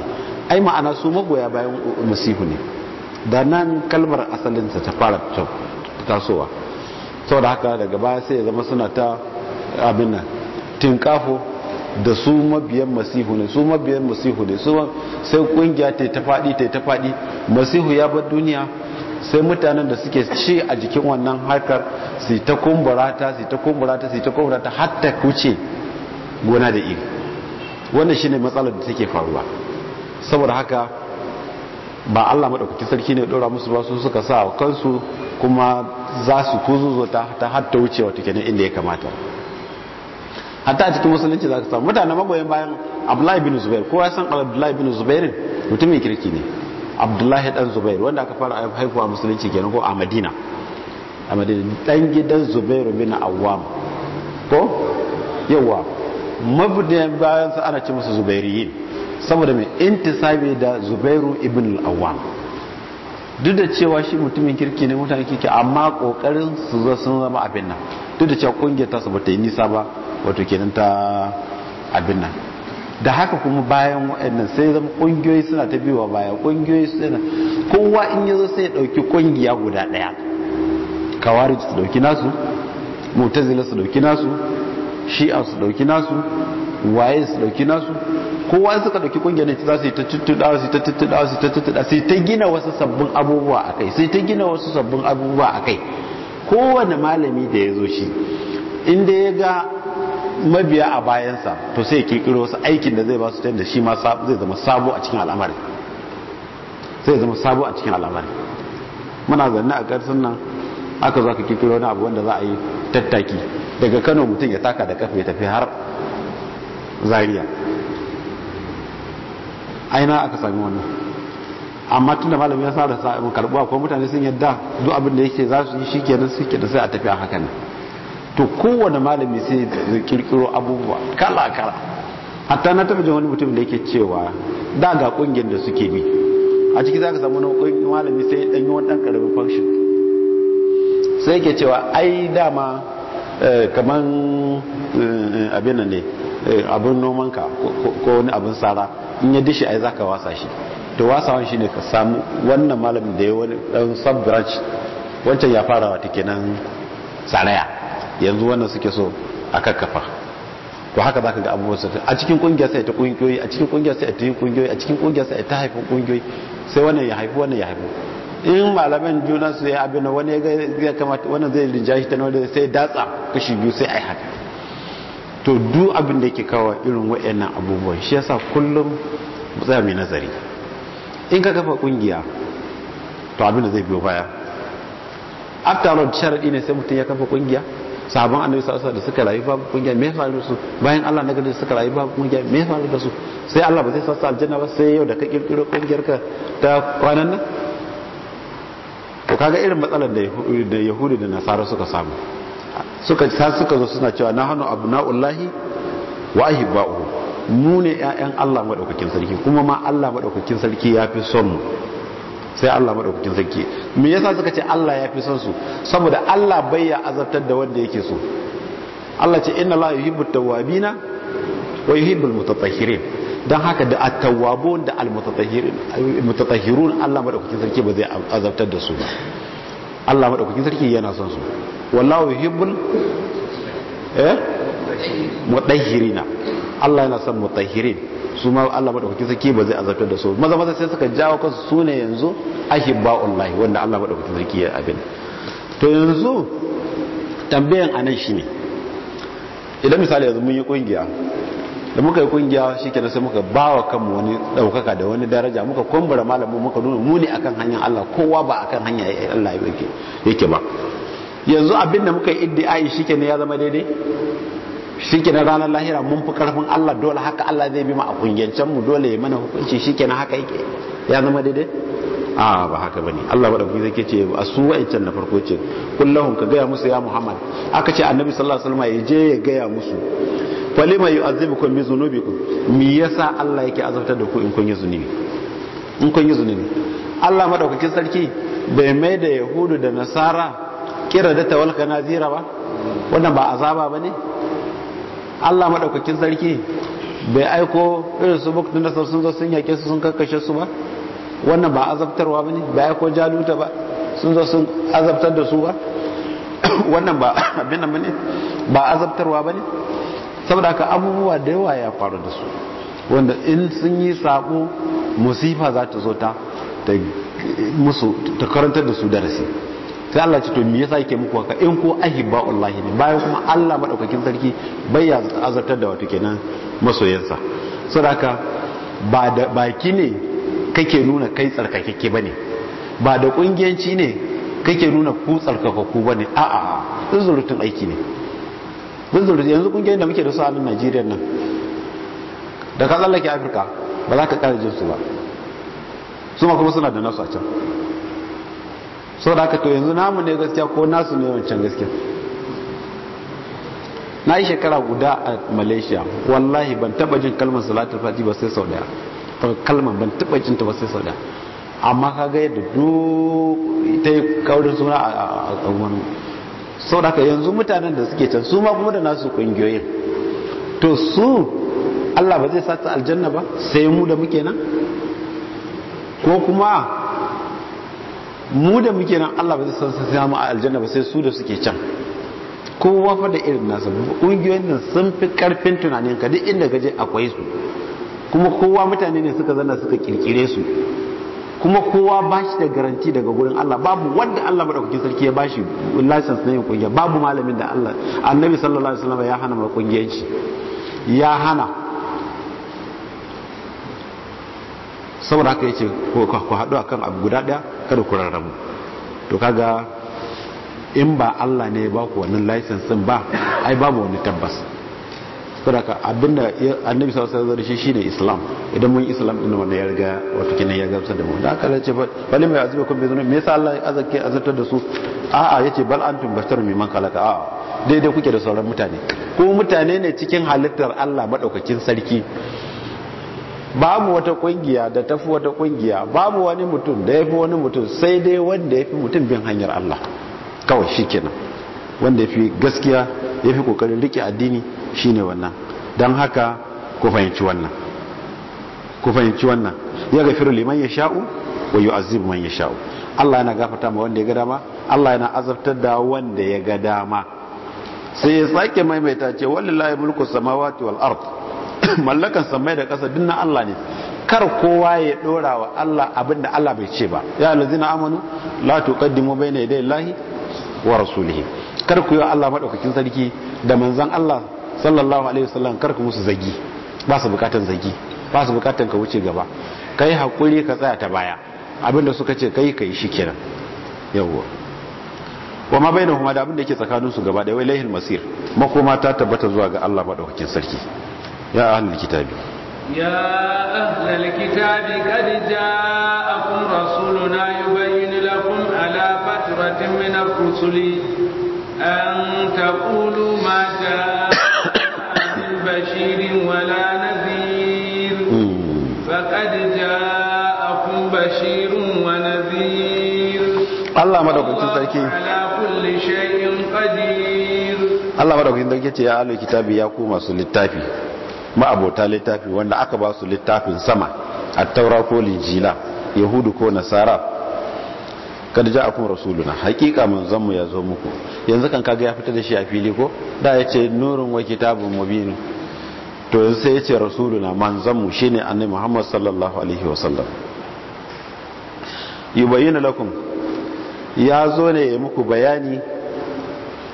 ai ma'ana su magoya bayan masihu ne da nan kalmar asalinsa ta fara tasowa sau da haka daga baya sai ya zama suna ta abin nan tinkafo da su mabiyan masihu ne su mabiyan masihu ne sai kungiya ta ta faɗi ta ta faɗi masihu ya bar duniya sai mutanen da suke ci a jikin wannan harkar su ta kumburata su ta kumburata su ta kumburata har ta kuce gona da iri wannan shine matsalar da take faruwa saboda haka ba Allah madaukakin sarki ne ɗora musu ba su suka sa wa kansu kuma za su kuzuzo ta ta hatta wuce wata kenan inda ya kamata hatta a cikin musulunci za ka samu mutane magoyan bayan Abdullahi bin Zubair kowa ya san Abdullahi bin Zubair mutumin kirki ne Abdullahi dan Zubair wanda aka fara haifuwa musulunci kenan ko a Madina a Madina dan gidan Zubair bin Awwam ko yawa mabudin bayan sa ana ce musu Zubairiyin saboda mai intisabi da zubairu ibn al duk da cewa shi mutumin kirki ne mutane kirki amma kokarin su zo sun zama abin nan duk da cewa kungiyar ta su bata yi nisa ba wato kenan ta abin nan da haka kuma bayan wa'annan sai zama kungiyoyi suna ta biyowa baya kungiyoyi suna kowa in yazo sai ya dauki kungiya guda daya kawari su dauki nasu mu'tazila su dauki nasu shi'a su dauki nasu waye su dauki nasu kowa suka dauki kungiyar ne za su yi ta tuttuɗa su ta tuttuɗa su ta tuttuɗa sai ta gina wasu sabbin abubuwa a kai sai ta gina wasu sabbin abubuwa a kai kowane malami da ya zo shi inda ya ga mabiya a bayansa to sai ya kirkiro wasu aikin da zai ba su ta yadda shi ma zai zama sabo a cikin al'amari sai zama sabo a cikin al'amari muna zanne a ƙarshen nan aka zo ka kirkiro wani abu wanda za a yi tattaki daga kano mutum ya taka da kafa ya tafi har zariya aina aka sami wannan amma tunda malamin ya sa da karbuwa ko mutane sun yadda duk abin da yake za su yi shikenan suke da sai a tafi haka ne to kowane malami sai da kirkiro abubuwa kala kala hatta na taba wani mutum da yake cewa da ga kungiyar da suke bi a ciki zaka samu nau'in malami sai dan yi wani dan karamin function sai yake cewa ai dama Eh, kaman eh, abin nan ne eh, abin nomanka ko wani abin tsara in ya dishi ai zaka wasa shi to wasawan ne ka samu wannan malamin da ya wani dan sub branch wancan ya fara wata kenan tsaraya yanzu wannan suke so a kakkafa to haka zaka ga abubuwan sai a cikin kungiyar sai ta kungiyoyi a cikin kungiyar sai ta yi kungiyoyi a cikin kungiyar sai ta haifin kungiyoyi sai wannan ya haifi wannan ya haifi in malaman juna su ya abin wani ya kamata wani zai rinja shi ta wanda sai datsa kashi biyu sai ai haka to du abin da yake kawo irin wayannan abubuwan shi yasa kullum mu mai nazari in ka kafa kungiya to abin da zai biyo baya after all sharadi ne sai mutum ya kafa kungiya sabon annabi sallallahu da suka rayu babu kungiya me faru su bayan Allah na gari suka rayu babu kungiya me faru da su sai Allah ba zai sassa aljanna ba sai yau da ka kirkiro kungiyar ka ta kwanan nan to kaga irin matsalar da yahudi da nasara suka samu suka ta suka zo suna cewa na hannu abna'ullahi wa ahibba'uhu mu ne ƴaƴan Allah madaukakin sarki kuma ma Allah madaukakin sarki ya fi son mu sai Allah madaukakin sarki me yasa suka ce Allah ya fi son su saboda Allah bai ya azabtar da wanda yake so Allah ce inna la yuhibbu tawwabina wa yuhibbul mutatahhirin don haka da attawabon da almutatahirun Allah madaukakin sarki ba zai azabtar da su ba Allah madaukakin sarki yana son su wallahu yuhibbul eh mutahhirina Allah yana son mutahhirin su ma Allah madaukakin sarki ba zai azabtar da su maza maza sai suka jawo kansu sune yanzu ahibbaullahi wanda Allah madaukakin sarki ya abin to yanzu tambayan anan shine idan misali yanzu mun yi kungiya da muka yi kungiya shi ke sai muka ba wa kanmu wani ɗaukaka da wani daraja muka kumbura malamu muka nuna muni akan hanyar Allah kowa ba akan hanya Allah yake ba yanzu abin da muka yi iddi'ai shi ke ya zama daidai shi ke ranar lahira mun fi karfin Allah dole haka Allah zai bi mu a kungiyancen mu dole ya mana hukunci shi ke haka yake ya zama daidai a ba haka bane Allah kuma zai ce a su wa'ancan na farko ce kullahun ka gaya musu ya Muhammad aka ce annabi sallallahu alaihi wasallam ya je ya gaya musu falima yu'azzibukum bi dhunubikum me yasa Allah yake azabtar da ku in kun yi zunubi in kun yi zunubi Allah madaukakin sarki bai mai da yahudu da nasara kira da na zira ba wannan ba azaba ba ne? Allah madaukakin sarki bai aiko irin su da nasar sun zo sun yake su sun kakkashe su ba wannan ba azabtarwa ba ne? bai aiko jaluta ba sun zo sun azabtar da su ba wannan ba abin nan ne ba azabtarwa ne saboda ka abubuwa da yawa ya faru da su wanda in sun yi sabo musifa za ta zo ta musu ta karantar da su darasi sai Allah ce to me yasa yake muku haka in ko ahibba'ullahi ne bayan kuma Allah maɗaukakin sarki bai ya azartar da wato kenan masoyansa saboda ba da baki ne kake nuna kai tsarkakakke bane ba da ƙungiyanci ne kake nuna ku tsarkakakku bane a'a zurutun aiki ne zunzurutun yanzu kungiyar da muke da su a nan najeriya nan da ka tsallake afirka ba za ka kare jinsu ba su ma kuma suna da nasu a can so da aka to yanzu namu ne gaskiya ko nasu ne wancan gaskiya na yi shekara guda a malaysia wallahi ban taba jin kalmar salatul fati ba sai sau daya kalmar ban taba jin ta ba sai sau daya amma ka ga yadda duk ta yi kaurin suna a wani sau da yanzu mutanen da suke can su ma kuma da nasu kungiyoyin to su Allah ba zai sata aljanna ba sai mu da muke nan ko kuma mu da muke nan Allah ba zai sata mu a aljanna ba sai su da suke can kowa fa da irin nasa kungiyoyin nan sun fi karfin tunanin ka duk inda gaje akwai su kuma kowa mutane ne suka zana suka kirkire su kuma kowa ba shi da garanti daga gurin Allah babu wanda Allah madaukakin sarki ya bashi license na yin kungiya babu malamin da Allah annabi sallallahu alaihi wasallam ya hana mai shi ya hana saboda haka yace ku haɗu akan abu guda ɗaya kada ku mu, to kaga in ba Allah ne ya ba ku wannan license ba ai babu wani tabbas saboda abinda annabi sallallahu alaihi wasallam shi ne islam idan mun islam din wanda ya riga wato kinan ya gamsar da mu da aka ce ba bal mai azuba kun bizuna me yasa Allah ya azake azartar da su a a yace bal antum bashar mimman khalaqa a daidai kuke da sauran mutane ko mutane ne cikin halittar Allah madaukakin sarki babu wata kungiya da tafi wata kungiya babu wani mutum da yafi wani mutum sai dai wanda yafi mutum bin hanyar Allah kawai shikenan wanda yafi gaskiya yafi kokarin rike addini shine wannan don haka ku fahimci wannan ku fahimci wannan ya ga gafiru liman ya sha'u wa azibu man ya sha'u Allah yana gafata ma wanda ya ga dama Allah yana azabtar da wanda ya ga dama sai ya sake maimaita ce layi mulku samawati wal ard mallakan samai da kasa dinnan Allah ne kar kowa ya dora wa Allah abinda Allah bai ce ba ya allazina amanu la tuqaddimu bayna yaday lahi wa rasulihi kar ku yi Allah madaukakin sarki da manzon Allah sallallahu alaihi wasallam kar ka musu zagi ba su bukatan zagi ba su bukatan ka wuce gaba kai hakuri ka tsaya ta baya abinda suka ce kai kai shikenan yawa wa ma bainahuma da abinda yake tsakanin su gaba da wai lahil masir makoma ta tabbata zuwa ga Allah madaukakin sarki ya ahlul kitabi ya ahlul kitabi qad ja'akum rasuluna yubayyin lakum ala fatratin min ar-rusuli an taqulu ma ja'a Allah madaukakin sarki Allah madaukakin sarki ce ya alo kitabi ya kuma su littafi ma abota littafi wanda aka ba su littafin sama a taura ko linjila yahudu ko nasara kada a ja'akum rasuluna hakika mun manzon mu zo muku yanzu kan kaga ya fita da shi a fili ko da ya ce nurun wa kitabun mubin to yanzu sai ce rasuluna man mu shine annabi Muhammad sallallahu alaihi wasallam yubayyana lakum ya zo ne ya muku bayani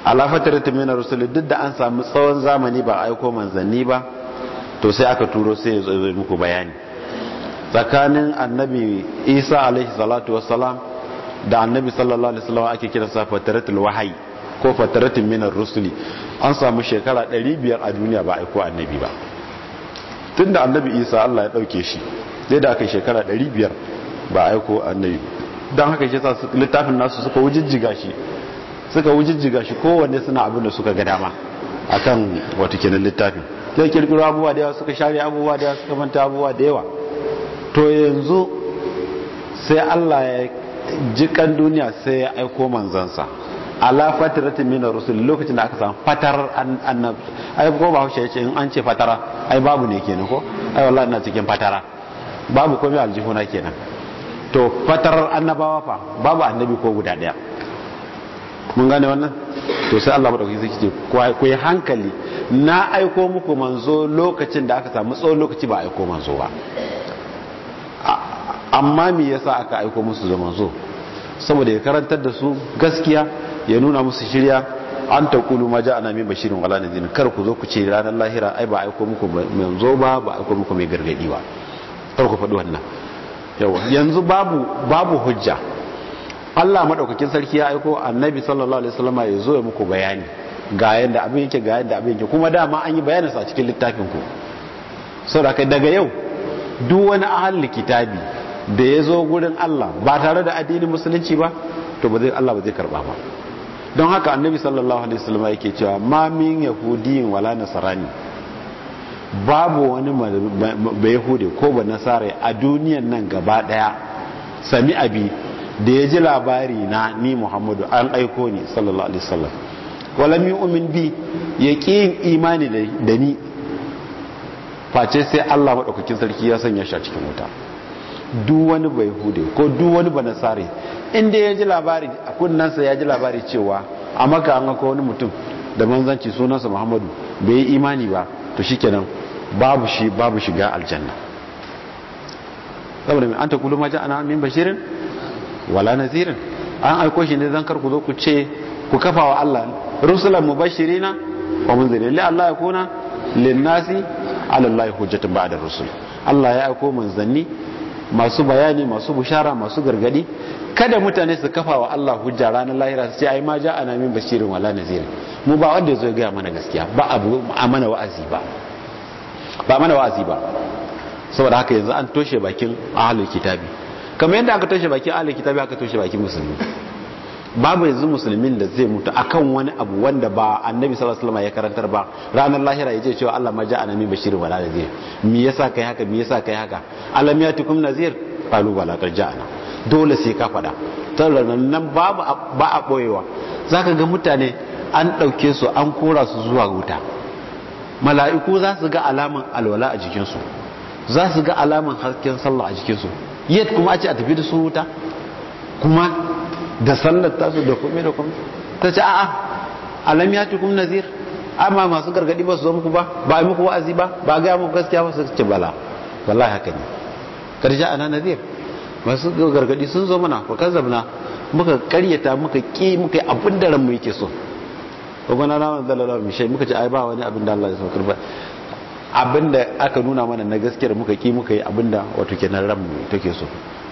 lafatar tumina rusuli duk da an samu tsawon zamani ba aiko manzanni ba to sai aka turo sai ya zo muku bayani tsakanin annabi isa alaihi salatu wasalam da annabi sallallahu alaihi wasallam ake kira sa fataratul wahayi ko fataratul minar rusuli an samu shekara 500 a duniya ba aiko annabi ba tunda annabi isa Allah ya dauke shi sai da aka shekara 500 ba aiko annabi don haka shi sa littafin nasu suka wujijjiga shi suka wujijjiga shi kowanne suna abin da suka ga dama kan wata kenan littafin sai kirkiro abubuwa da yawa suka share abubuwa da yawa suka manta abubuwa da yawa to yanzu sai Allah ya jikan duniya sai ya aiko manzansa ala fatirati min rusul lokacin da aka samu fatar annabi ai ko ba haushe yace in an ce fatara ai babu ne kenan ko ai wallahi ina cikin fatara babu komai aljihuna kenan to fatarar annabawa fa babu annabi ko guda daya mun gane wannan to sai Allah madaukaki zai ce ku hankali na aiko muku manzo lokacin da aka samu tsawon lokaci ba aiko manzo ba amma me yasa aka aiko musu zo manzo saboda ya karantar da su gaskiya ya nuna musu shirya an ta kulu ma ja'ana min bashirin wala nadhirin kar ku zo ku ce ranar lahira ai ba aiko muku manzo ba ba aiko muku mai gargadi ba kar ku faɗi wannan yawa yanzu babu babu hujja Allah madaukakin sarki ya aiko annabi sallallahu alaihi wasallam ya zo ya muku bayani ga yanda abin yake ga yanda abin yake kuma dama an yi bayanin sa a cikin littafin ku saboda daga yau duk wani ahal kitabi da ya zo gurin Allah ba tare da addinin musulunci ba to ba zai Allah ba zai karba ba don haka annabi sallallahu alaihi wasallam yake cewa ma min yahudiyin wala nasarani babu wani bayahude ko ba nasara a duniyan nan gaba daya sami abi da ya ji labari na ni muhammadu an aiko ni sallallahu alaihi wasallam mi umin bi ya yin imani da ni face sai Allah maɗaukakin sarki ya sanya shi a cikin wuta duk wani bayahude ko duk wani ba banasare inda ya ji labari a kunnansa ya ji labari cewa a maka an ga wani mutum da manzanci sunansa muhammadu bai yi imani ba to shikenan babu shi babu shiga aljanna saboda mai an ta kulu majan ana min bashirin wala nazirin an aiko shi ne zan kar ku zo ku ce ku kafa wa Allah rusulan mubashirina wa munzirin li Allah ya kuna lin nasi ala Allah hujjatun ba'da rusul Allah ya aiko manzanni masu bayani masu bushara masu gargadi kada mutane su kafa wa Allah hujja ranar lahira su ce ai ma ja ana min bashirin wala nazirin mu ba wanda zai ga gaya mana gaskiya ba abu a mana wa'azi ba ba mana wa'azi ba saboda haka yanzu an toshe bakin ahlul kitabi kamar yadda aka toshe bakin ahlul kitabi aka toshe bakin musulmi babu yanzu musulmin da zai mutu akan wani abu wanda ba annabi sallallahu alaihi ya karantar ba ranar lahira ya ce cewa Allah ma ja'ana min bashirin wala nadhir me yasa kai haka me yasa kai haka alam yatukum nazir qalu wala qad ja'ana dole sai ka faɗa tsaron nan babu ba a boyewa zaka ga mutane an ɗauke su an kora su zuwa wuta mala'iku za su ga alaman alwala a jikinsu za su ga alaman hasken sallah a jikinsu yadda kuma a ce a tafi da sun wuta kuma da sallar tasu da kome da kome ta ce a'a alam ya kuma nazir amma masu gargadi ba su zo muku ba ba a muku wa'azi ba ba a gaya muku gaskiya ba su ce bala wallahi haka ne karshe ana nazir masu gargadi sun zo mana ku kazzabna muka karyata muka ki muka yi abin da mu yake so wani na da lalawa shai muka ce ai ba wani abin da Allah ya saukar ba abin da aka nuna mana na gaskiyar muka ki muka yi abin da wato na ramu ta ke so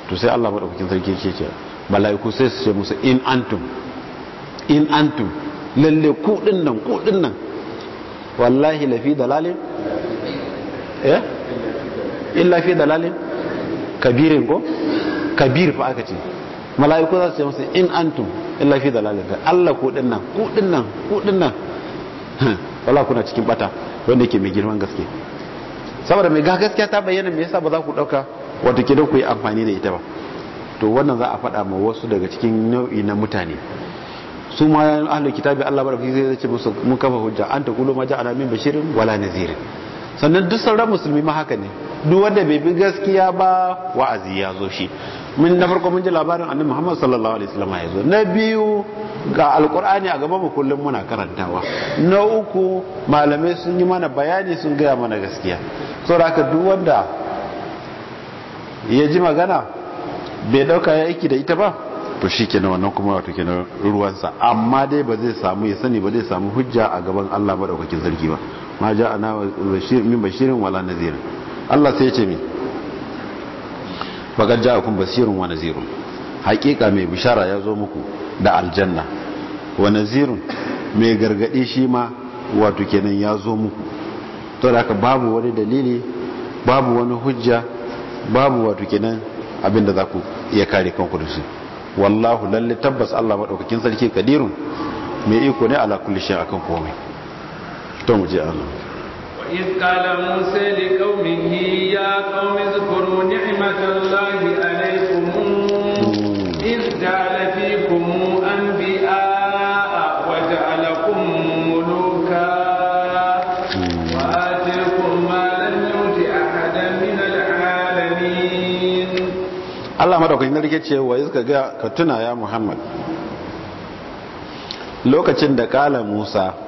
to sai Allah maɗaukakin sarki ke ce malaiku sai su ce musu in antum in antum lalle ku nan ku nan wallahi lafi dalalin eh in lafi dalalin kabirin ko kabir fa aka ce malaiku za su ce musu in antum illa fi dalalin Allah ku dinnan ku dinnan ku dinnan wala kuna cikin bata wanda yake mai girman gaske saboda mai ga gaskiya ta bayyana me yasa ba za ku dauka wato ke ku yi amfani da ita ba to wannan za a faɗa ma wasu daga cikin nau'i na mutane su ma ahlul kitabi Allah barka zai ce musu mun kafa hujja anta kullu ma ja'ala min bashirin wala nazirin sannan duk sauran musulmi ma haka ne duk wanda bai bi gaskiya ba wa'azi ya zo shi mun na farko mun ji labarin annabi Muhammad sallallahu alaihi wasallam yazo na biyu ga alkur'ani a gaban mu kullum muna karantawa na uku malamai sun yi mana bayani sun gaya mana gaskiya saboda haka duk wanda ya ji magana bai dauka ya aiki da ita ba to shi wannan kuma wato kenan ruwansa amma dai ba zai samu ya sani ba zai samu hujja a gaban Allah madaukakin sarki ba ma ja'ana min bashirin wala nadhir Allah sai ya ce mi ja kun basirun wa nazirun haƙiƙa mai bishara ya zo muku da aljanna wa nazirun mai gargadi shi ma wato kenan ya zo muku to da haka babu wani dalili babu wani hujja babu wato kenan abinda za ku iya kare kanku da su wallahu lalle tabbas Allah maɗaukakin sarki kadirun mai iko ne ala kulli shi akan komai to mu je إذ قال موسى لقومه يا قوم اذكروا نعمة الله عليكم إذ جعل فيكم أنبياء وجعلكم ملوكا وآتيكم ما لم يؤت أحدا من العالمين الله مدعوك إن رجعت وإذ كتنا يا محمد lokacin da kala موسى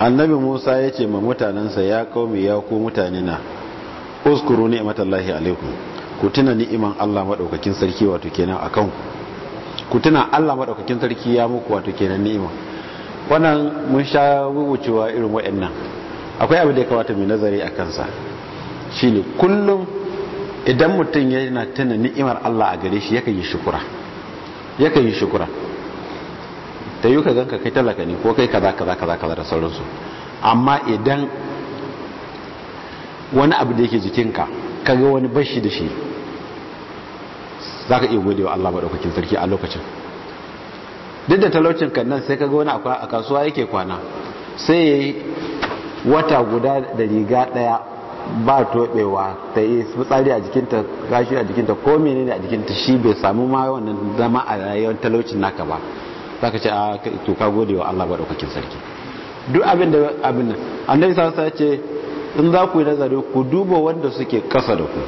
annabi musa ya ce ma mutanensa ya kaumi ya ko mutane na uskuru ni'matallahi alaikum ku tuna ni'iman Allah madaukakin sarki wato kenan akan ku tuna Allah madaukakin sarki ya muku wato kenan ni'ima wannan mun sha wucewa irin wayannan akwai abu da ya kamata mai nazari a kansa shine kullum idan mutum yana tuna ni'imar Allah a gare shi yakan yi yi shukura ta yi ka ganka kai talaka ne ko kai kaza kaza kaza kaza da sauransu amma idan wani abu da yake jikinka ka ga wani bashi da shi za ka iya gode wa Allah maɗaukakin sarki a lokacin duk da talaucin kan nan sai ka ga wani a kasuwa yake kwana sai ya yi wata guda da riga ɗaya ba toɓewa ta yi tsari a jikinta gashi a jikinta ko menene a jikinta shi bai samu ma wannan zama a rayuwar talaucin naka ba ka ce a ah, tuka ka gode wa Allah madaukakin sarki duk abin da abin nan annabi sallallahu sa ce in za ku yi nazari ku duba wanda suke kasa da ku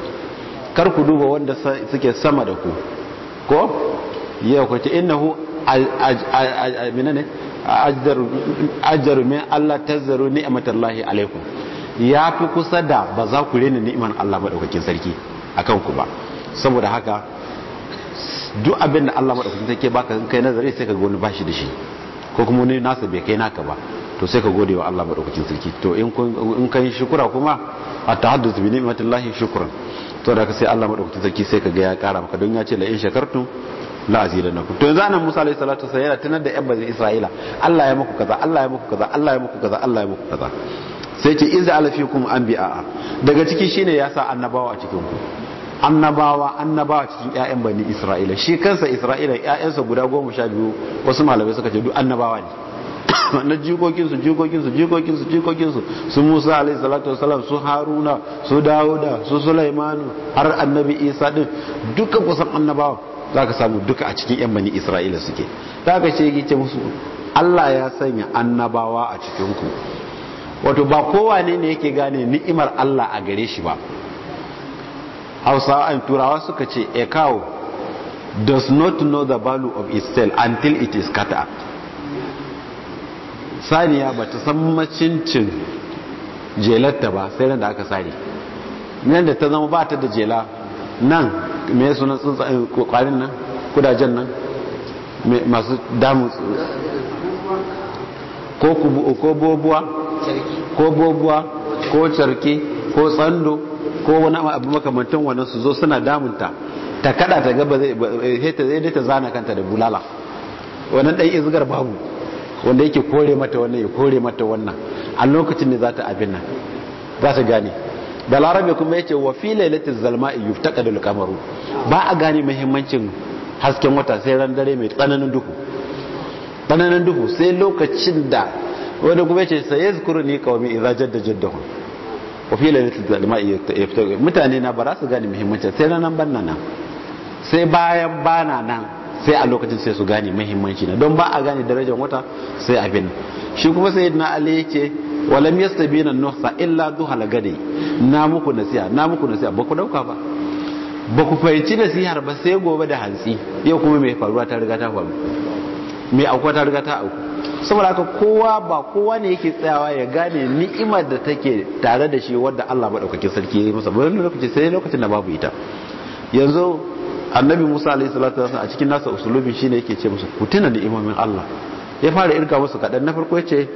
kar ku duba wanda suke sama da ku ko ya ku ce innahu minane ajar min Allah tazzaru ni'matallahi alaikum ya fi kusa da ba za ku rena ni'imar Allah madaukakin sarki akan ku ba saboda haka duk abin da Allah madaukakin take baka in kai nazari sai ka goni bashi da shi ko kuma wani nasa bai kai naka ba to sai ka gode wa Allah madaukakin sarki to in kai shukura kuma at-tahaddus bi lahi shukuran to da ka sai Allah madaukakin sarki sai ka ga ya kara maka don ya ce la in shakartum la azidannakum to yanzu anan Musa alayhi salatu wasallam yana tunar da yan bazin Isra'ila Allah ya muku kaza Allah ya muku kaza Allah ya muku kaza Allah ya muku kaza sai ce iza bi a'a daga ciki shine ya sa annabawa a cikin ku annabawa annabawa cikin ƴaƴan bani isra'ila shi kansa isra'ila ƴaƴansa guda goma sha biyu wasu malamai suka ce duk annabawa ne na jikokinsu jikokinsu jikokinsu jikokinsu su musa alaihi salatu wasalam su haruna su dawuda su sulaimanu har annabi isa din duka kusan annabawa za ka samu duka a cikin yan bani isra'ila suke za ka ce ce musu allah ya sanya annabawa a cikinku wato ba kowa ne ne yake gane ni'imar allah a gare shi ba hausawa and turawa suka ce eh, a cow does not know the value of its tail until it is cut up saniya ba ta san macincin jelarta ba sai da aka sare nan da ta zama ba ta da jela nan me sunan tsuntsayen eh, kwarin nan kudajen nan masu damu ko bobuwa ko bobuwa ko carke ko tsando ko wani abu makamantan wannan su zo suna damunta ta kada ta gaba zai eh, ta zana kanta da bulala wannan ɗan izgar babu wanda yake kore mata wannan ya kore mata wannan a lokacin ne za ta abin nan za ta gane balarabe kuma ya ce wa fi lailatul zalma yuftaqadul qamaru ba a gane muhimmancin hasken wata sai ran dare mai tsananin duhu tsananin duhu sai lokacin da wanda kuma ya ce sayazkuruni qaumi idza jadda jaddahum wa fi lailatul zalima yaftar mutane na ba za su gane muhimmanci sai nan ban nan sai bayan bana nan sai a lokacin sai su gane muhimmanci na don ba a gane darajar wata sai abin shi kuma na ali yake walam yastabina nuhsa illa duhal gadi na muku nasiha na muku nasiha ba ku dauka ba ba ku fahimci nasihar ba sai gobe da hantsi yau kuma mai faruwa ta riga ta faru mai aukuwa ta riga ta auku saboda haka kowa ba kowa ne yake tsayawa ya gane ni'imar da take tare da shi wadda Allah madaukakin sarki ya yi masa wani lokaci sai lokacin da babu ita yanzu annabi Musa alaihi salatu wasallam a cikin nasa usulubi shine yake ce musu ku tuna ni'imomin Allah ya fara irka musu kadan na farko yace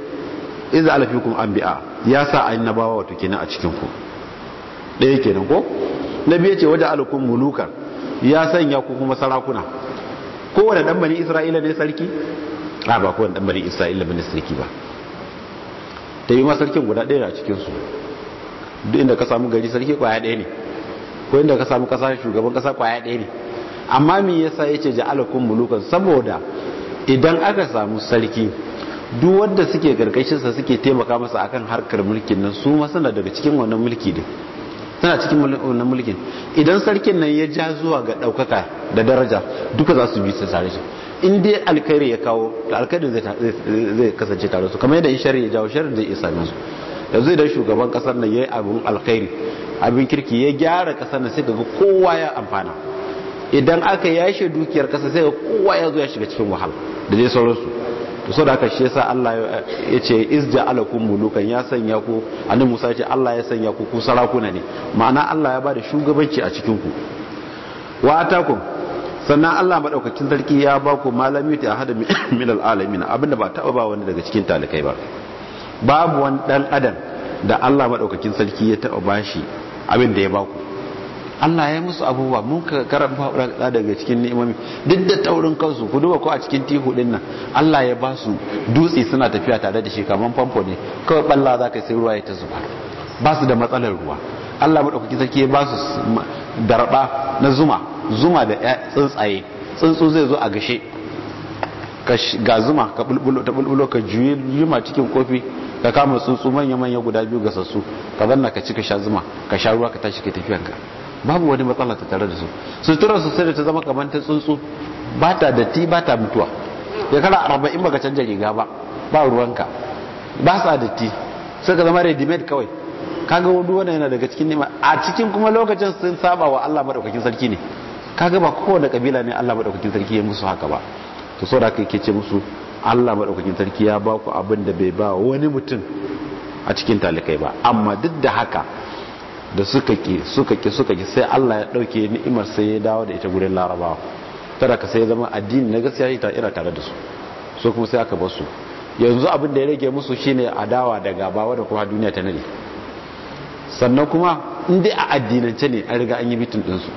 iza alafikum anbiya ya sa annabawa wato kenan a cikin ku ɗaya kenan ko na yace ce waje mulukan ya sanya ku kuma sarakuna kowane dan bani isra'ila ne sarki a ba kowane dan bani isra'ila bane sarki ba ta yi ma sarkin guda ɗaya a cikinsu duk inda ka samu gari sarki kwaya ɗaya ne ko inda ka samu kasa shugaban kasa kwaya ɗaya ne amma me yasa yace ja'alakum mulukan saboda idan aka samu sarki duk wanda suke karkashin suke taimaka masa akan harkar mulkin nan su ma suna daga cikin wannan mulki din suna cikin wannan mulkin idan sarkin nan ya ja zuwa ga ɗaukaka da daraja duka za su bi su sare shi in dai alkhairi ya kawo to alkhairi zai kasance tare su kamar yadda in shari ya jawo shari zai isa su yanzu idan shugaban kasar nan yayi abin alkhairi abin kirki ya gyara kasar nan sai ga kowa ya amfana idan aka yashe dukiyar kasa sai ga kowa ya zo ya shiga cikin wahala da dai sauransu to saboda haka shi yasa Allah ya ce izja alakum mulukan ya sanya ku annabi Musa ya ce Allah ya sanya ku ku sarakuna ne ma'ana Allah ya bada shugabanci a cikin ku wa atakum sannan Allah maɗaukacin sarki ya ba ku malami ta hada min alalamin abinda ba taɓa ba wani daga cikin talikai ba babu wani ɗan adam da Allah maɗaukacin sarki ya taba bashi abinda ya ba ku Allah ya musu abubuwa mun ka karanta daga cikin ni'imomi duk da taurin kansu ku duba ko a cikin tihu ɗin nan Allah ya ba su dutse suna tafiya tare da shi kaman famfo ne kawai balla za ka sai ruwa ya ta zuba ba su da matsalar ruwa Allah maɗaukakin sarki ya ba su darɓa na zuma zuma da tsuntsaye tsuntsu zai zo a gashe ga zuma ka bulbulo ta bulbulo ka juye zuma cikin kofi ka kama tsuntsu manya-manya guda biyu ga sassu ka zanna ka ci ka sha zuma ka sha ruwa ka tashi ka tafiyanka babu wani matsala ta tare da su suturar su sai da ta zama kamar ta tsuntsu ba ta datti ba ta mutuwa shekara in baka canja riga ba ba ruwanka ba sa datti sai ka zama ready made kawai kaga wani wani yana daga cikin nema a cikin kuma lokacin sun saba wa Allah madaukakin sarki ne kaga ba kowane kabila ne Allah madaukakin sarki ya musu haka ba to so da kake ce musu Allah madaukakin sarki ya ba ku abin da bai ba wani mutum a cikin talikai ba amma duk da haka da suka ki suka ki suka ki sai Allah ya ɗauke ni'imar sai ya dawo da ita gurin larabawa tara ka sai zama addini na gaskiya ita ira tare da su so kuma sai aka bar su yanzu abin da ya rage musu shine adawa da gaba wadda kuma duniya ta nade sannan kuma in dai a addinance ne an riga an yi mitin su.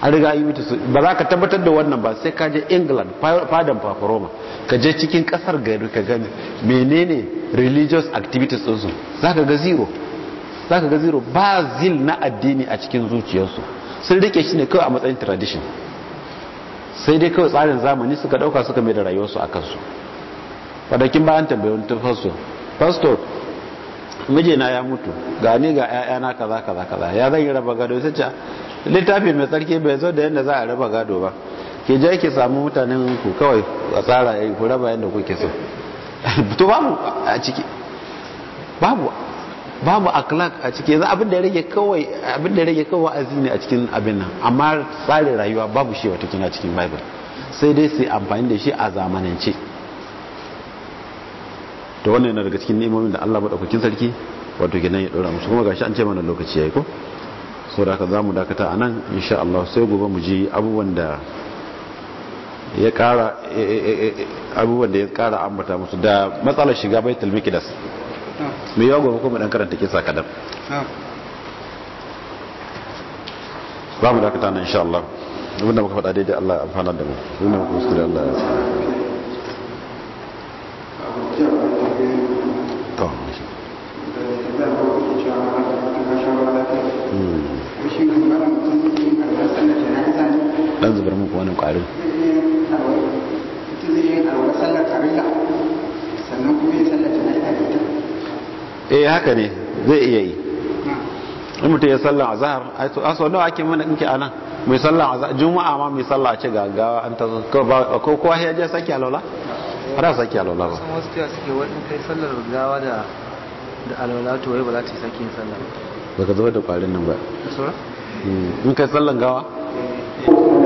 an riga yi mutu ba za ka tabbatar da wannan ba sai ka je england fadan faforoma ka je cikin kasar gari ka gani menene religious activities ɗinsu za ka ga zero za ka ga zero ba zil na addini a cikin zuciyarsu sun rike shi ne kawai a matsayin tradition sai dai kawai tsarin zamani suka ɗauka suka mai da rayuwarsu a kansu wadakin bayan tambayin tun fasto fasto mijina ya mutu ga ni ga ƴaƴana kaza kaza kaza ya zan yi raba gado sai ce littafi mai tsarki bai zo da yadda za a raba gado ba ke je ki samu mutanen ku kawai a tsara eh, ku raba yadda kuke so to babu a ciki babu babu clark a ciki yanzu abin da rage kawai abin da rage kawai azini a cikin abin nan amma tsarin rayuwa babu shi wata kina cikin bible sai dai sai amfani da shi a zamanance to wannan yana daga cikin nemomin da Allah madaukakin sarki wato ginan ya dora musu kuma gashi an ce mana lokaci yayi ko da ka zamu dakata anan insha Allah sai gobe mu ji abubuwan da ya kara eh, eh, eh, abubuwan da ya kara ambata musu da matsalar shiga baitul miqdas me yawa gobe kuma dan karanta kisa kadan ba mu dakata nan insha Allah abinda muka faɗa daidai Allah amfana da mu abinda muka muskuri Allah ya sa dan zubar muku wannan ƙwarin eh haka ne zai iya yi in mutum ya sallah a zahar aso nawa ake mana ɗinke a nan mai sallah a juma'a ma mai sallah ce ga gawa an ta ko kowa ya je sake alwala ba da sake alwala ba wasu tiya suke wani kai sallar gawa da alwala to wai ba za ta sake yin sallah ba ka zuba da kwarin nan ba hmm, in kai sallan gawa eh.